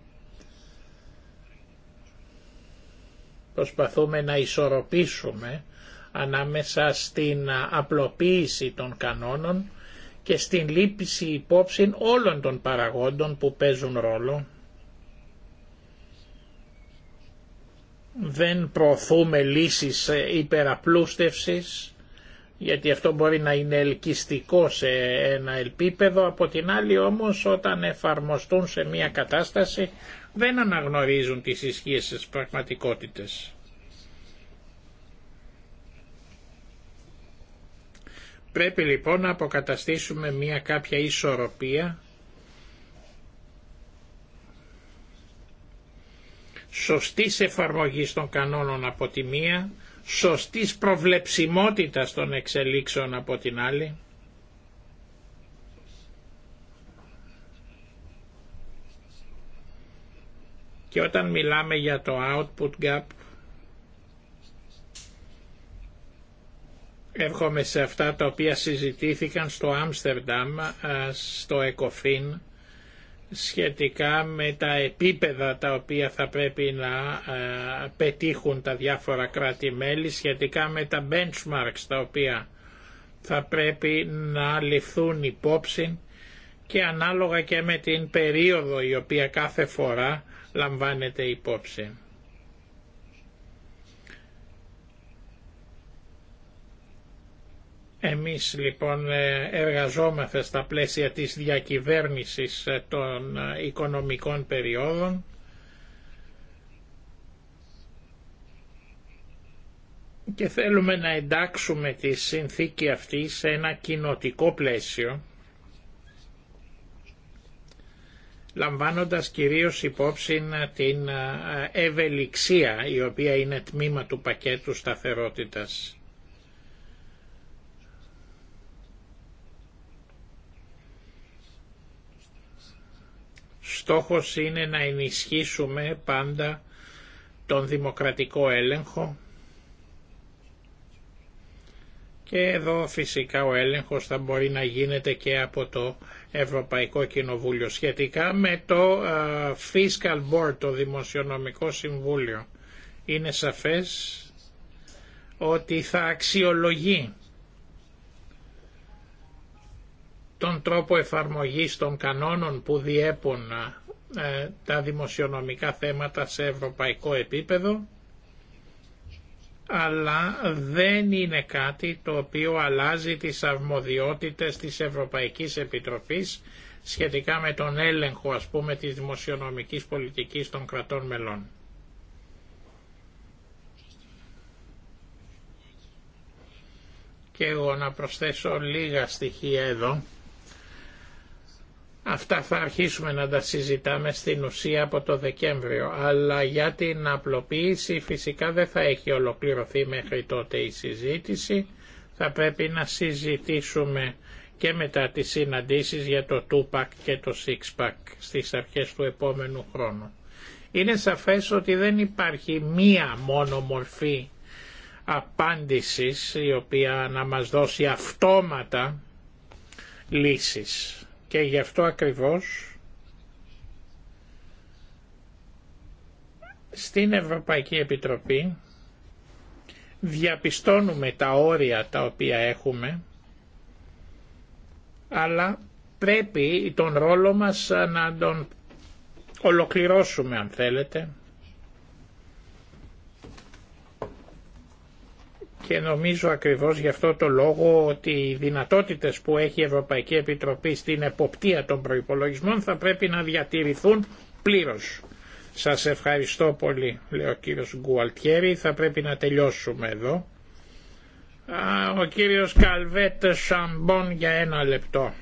Προσπαθούμε να ισορροπήσουμε ανάμεσα στην απλοποίηση των κανόνων και στην λύπηση υπόψη όλων των παραγόντων που παίζουν ρόλο. Δεν προωθούμε λύσεις υπεραπλούστευσης, γιατί αυτό μπορεί να είναι ελκυστικό σε ένα επίπεδο, από την άλλη όμως όταν εφαρμοστούν σε μια κατάσταση δεν αναγνωρίζουν τις ισχύες της πραγματικότητες. Πρέπει λοιπόν να αποκαταστήσουμε μια κάποια ισορροπία σωστής εφαρμογής των κανόνων από τη μία σωστής προβλεψιμότητας των εξελίξεων από την άλλη. Και όταν μιλάμε για το output gap, έρχομαι σε αυτά τα οποία συζητήθηκαν στο Άμστερνταμ, ε, στο Εκοφίν, σχετικά με τα επίπεδα τα οποία θα πρέπει να ε, πετύχουν τα διάφορα κράτη-μέλη, σχετικά με τα benchmarks τα οποία θα πρέπει να ληφθούν υπόψη και ανάλογα και με την περίοδο η οποία κάθε φορά λαμβάνεται υπόψη. Εμείς λοιπόν ε, εργαζόμαστε στα πλαίσια της διακυβέρνησης ε, των ε, οικονομικών περιόδων και θέλουμε να εντάξουμε τη συνθήκη αυτή σε ένα κοινοτικό πλαίσιο λαμβάνοντας κυρίως υπόψη την ευελιξία η οποία είναι τμήμα του πακέτου σταθερότητας. στόχος είναι να ενισχύσουμε πάντα τον δημοκρατικό έλεγχο και εδώ φυσικά ο έλεγχος θα μπορεί να γίνεται και από το Ευρωπαϊκό Κοινοβούλιο σχετικά με το Fiscal Board, το Δημοσιονομικό Συμβούλιο. Είναι σαφές ότι θα αξιολογεί τον τρόπο εφαρμογής των κανόνων που διέπουν ε, ε, τα δημοσιονομικά θέματα σε ευρωπαϊκό επίπεδο, αλλά δεν είναι κάτι το οποίο αλλάζει τις αρμοδιότητες της Ευρωπαϊκής Επιτροπής σχετικά με τον έλεγχο ας πούμε της δημοσιονομικής πολιτικής των κρατών μελών. Και εγώ να προσθέσω λίγα στοιχεία εδώ Αυτά θα αρχίσουμε να τα συζητάμε στην ουσία από το Δεκέμβριο, αλλά για την απλοποίηση φυσικά δεν θα έχει ολοκληρωθεί μέχρι τότε η συζήτηση. Θα πρέπει να συζητήσουμε και μετά τις συναντήσεις για το 2 και το 6-pack στις αρχές του επόμενου χρόνου. Είναι σαφές ότι δεν υπάρχει μία μόνο μορφή απάντησης η οποία να μας δώσει αυτόματα λύσεις και γι' αυτό ακριβώς στην Ευρωπαϊκή Επιτροπή διαπιστώνουμε τα όρια τα οποία έχουμε αλλά πρέπει τον ρόλο μας να τον ολοκληρώσουμε αν θέλετε και νομίζω ακριβώς γι' αυτό το λόγο ότι οι δυνατότητες που έχει η Ευρωπαϊκή Επιτροπή στην εποπτεία των προϋπολογισμών θα πρέπει να διατηρηθούν πλήρως. Σας ευχαριστώ πολύ, λέει ο κύριος Γκουαλτιέρη. Θα πρέπει να τελειώσουμε εδώ. Ο κύριος Καλβέτ Σαμπον για ένα λεπτό.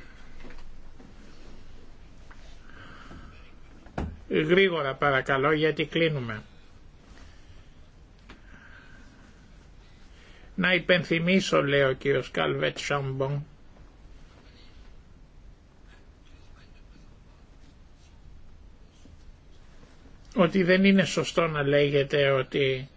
Γρήγορα παρακαλώ γιατί κλείνουμε. Να υπενθυμίσω, λέει ο κύριος Καλβέτ Σόμπον, ότι δεν είναι σωστό να λέγεται ότι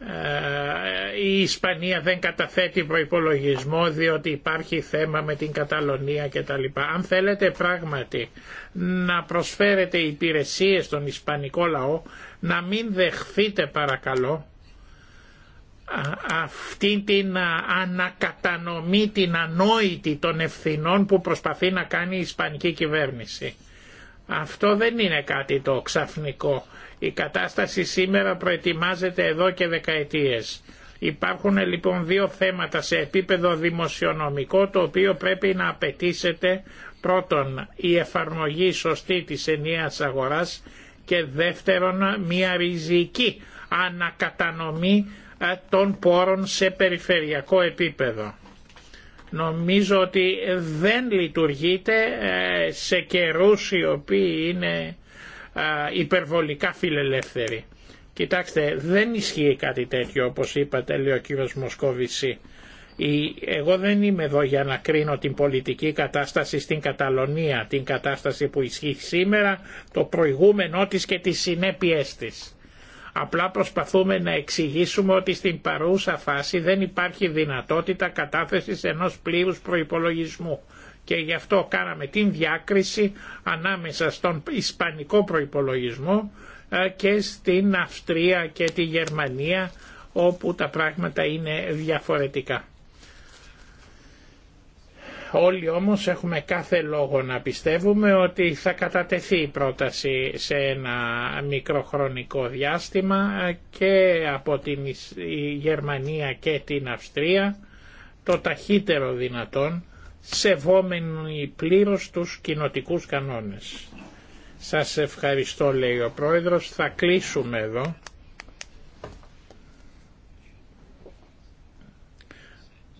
ε, η Ισπανία δεν καταθέτει προϋπολογισμό διότι υπάρχει θέμα με την Καταλωνία κτλ. Αν θέλετε πράγματι να προσφέρετε υπηρεσίες στον Ισπανικό λαό, να μην δεχθείτε παρακαλώ αυτή την ανακατανομή, την ανόητη των ευθυνών που προσπαθεί να κάνει η Ισπανική κυβέρνηση. Αυτό δεν είναι κάτι το ξαφνικό. Η κατάσταση σήμερα προετοιμάζεται εδώ και δεκαετίες. Υπάρχουν λοιπόν δύο θέματα σε επίπεδο δημοσιονομικό το οποίο πρέπει να απαιτήσετε πρώτον η εφαρμογή σωστή της ενιαίας αγοράς και δεύτερον μια ριζική ανακατανομή ε, των πόρων σε περιφερειακό επίπεδο. Νομίζω ότι δεν λειτουργείται ε, σε καιρούς οι οποίοι είναι ε, υπερβολικά φιλελεύθεροι. Κοιτάξτε, δεν ισχύει κάτι τέτοιο όπως είπατε, λέει ο κύριος Μοσκόβηση. Εγώ δεν είμαι εδώ για να κρίνω την πολιτική κατάσταση στην Καταλωνία, την κατάσταση που ισχύει σήμερα, το προηγούμενό της και τις συνέπειές της. Απλά προσπαθούμε να εξηγήσουμε ότι στην παρούσα φάση δεν υπάρχει δυνατότητα κατάθεσης ενός πλήρους προϋπολογισμού και γι' αυτό κάναμε την διάκριση ανάμεσα στον ισπανικό προϋπολογισμό ε, και στην Αυστρία και τη Γερμανία όπου τα πράγματα είναι διαφορετικά. Όλοι όμως έχουμε κάθε λόγο να πιστεύουμε ότι θα κατατεθεί η πρόταση σε ένα μικροχρονικό διάστημα και από τη Γερμανία και την Αυστρία το ταχύτερο δυνατόν σεβόμενοι πλήρως τους κοινοτικούς κανόνες. Σας ευχαριστώ λέει ο Πρόεδρος, θα κλείσουμε εδώ.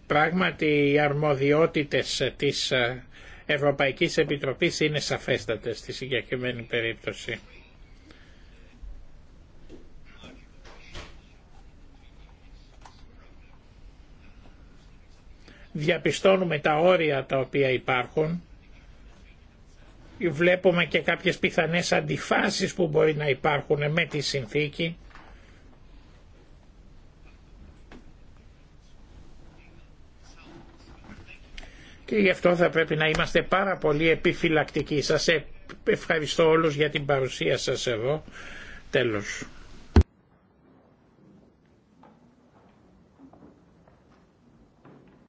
Πράγματι οι αρμοδιότητες της ε, Ευρωπαϊκής Επιτροπής είναι σαφέστατες στη συγκεκριμένη περίπτωση. Διαπιστώνουμε τα όρια τα οποία υπάρχουν. Βλέπουμε και κάποιες πιθανές αντιφάσεις που μπορεί να υπάρχουν με τη συνθήκη και γι' αυτό θα πρέπει να είμαστε πάρα πολύ επιφυλακτικοί. Σας ε, ευχαριστώ όλους για την παρουσία σας εδώ. Τέλος.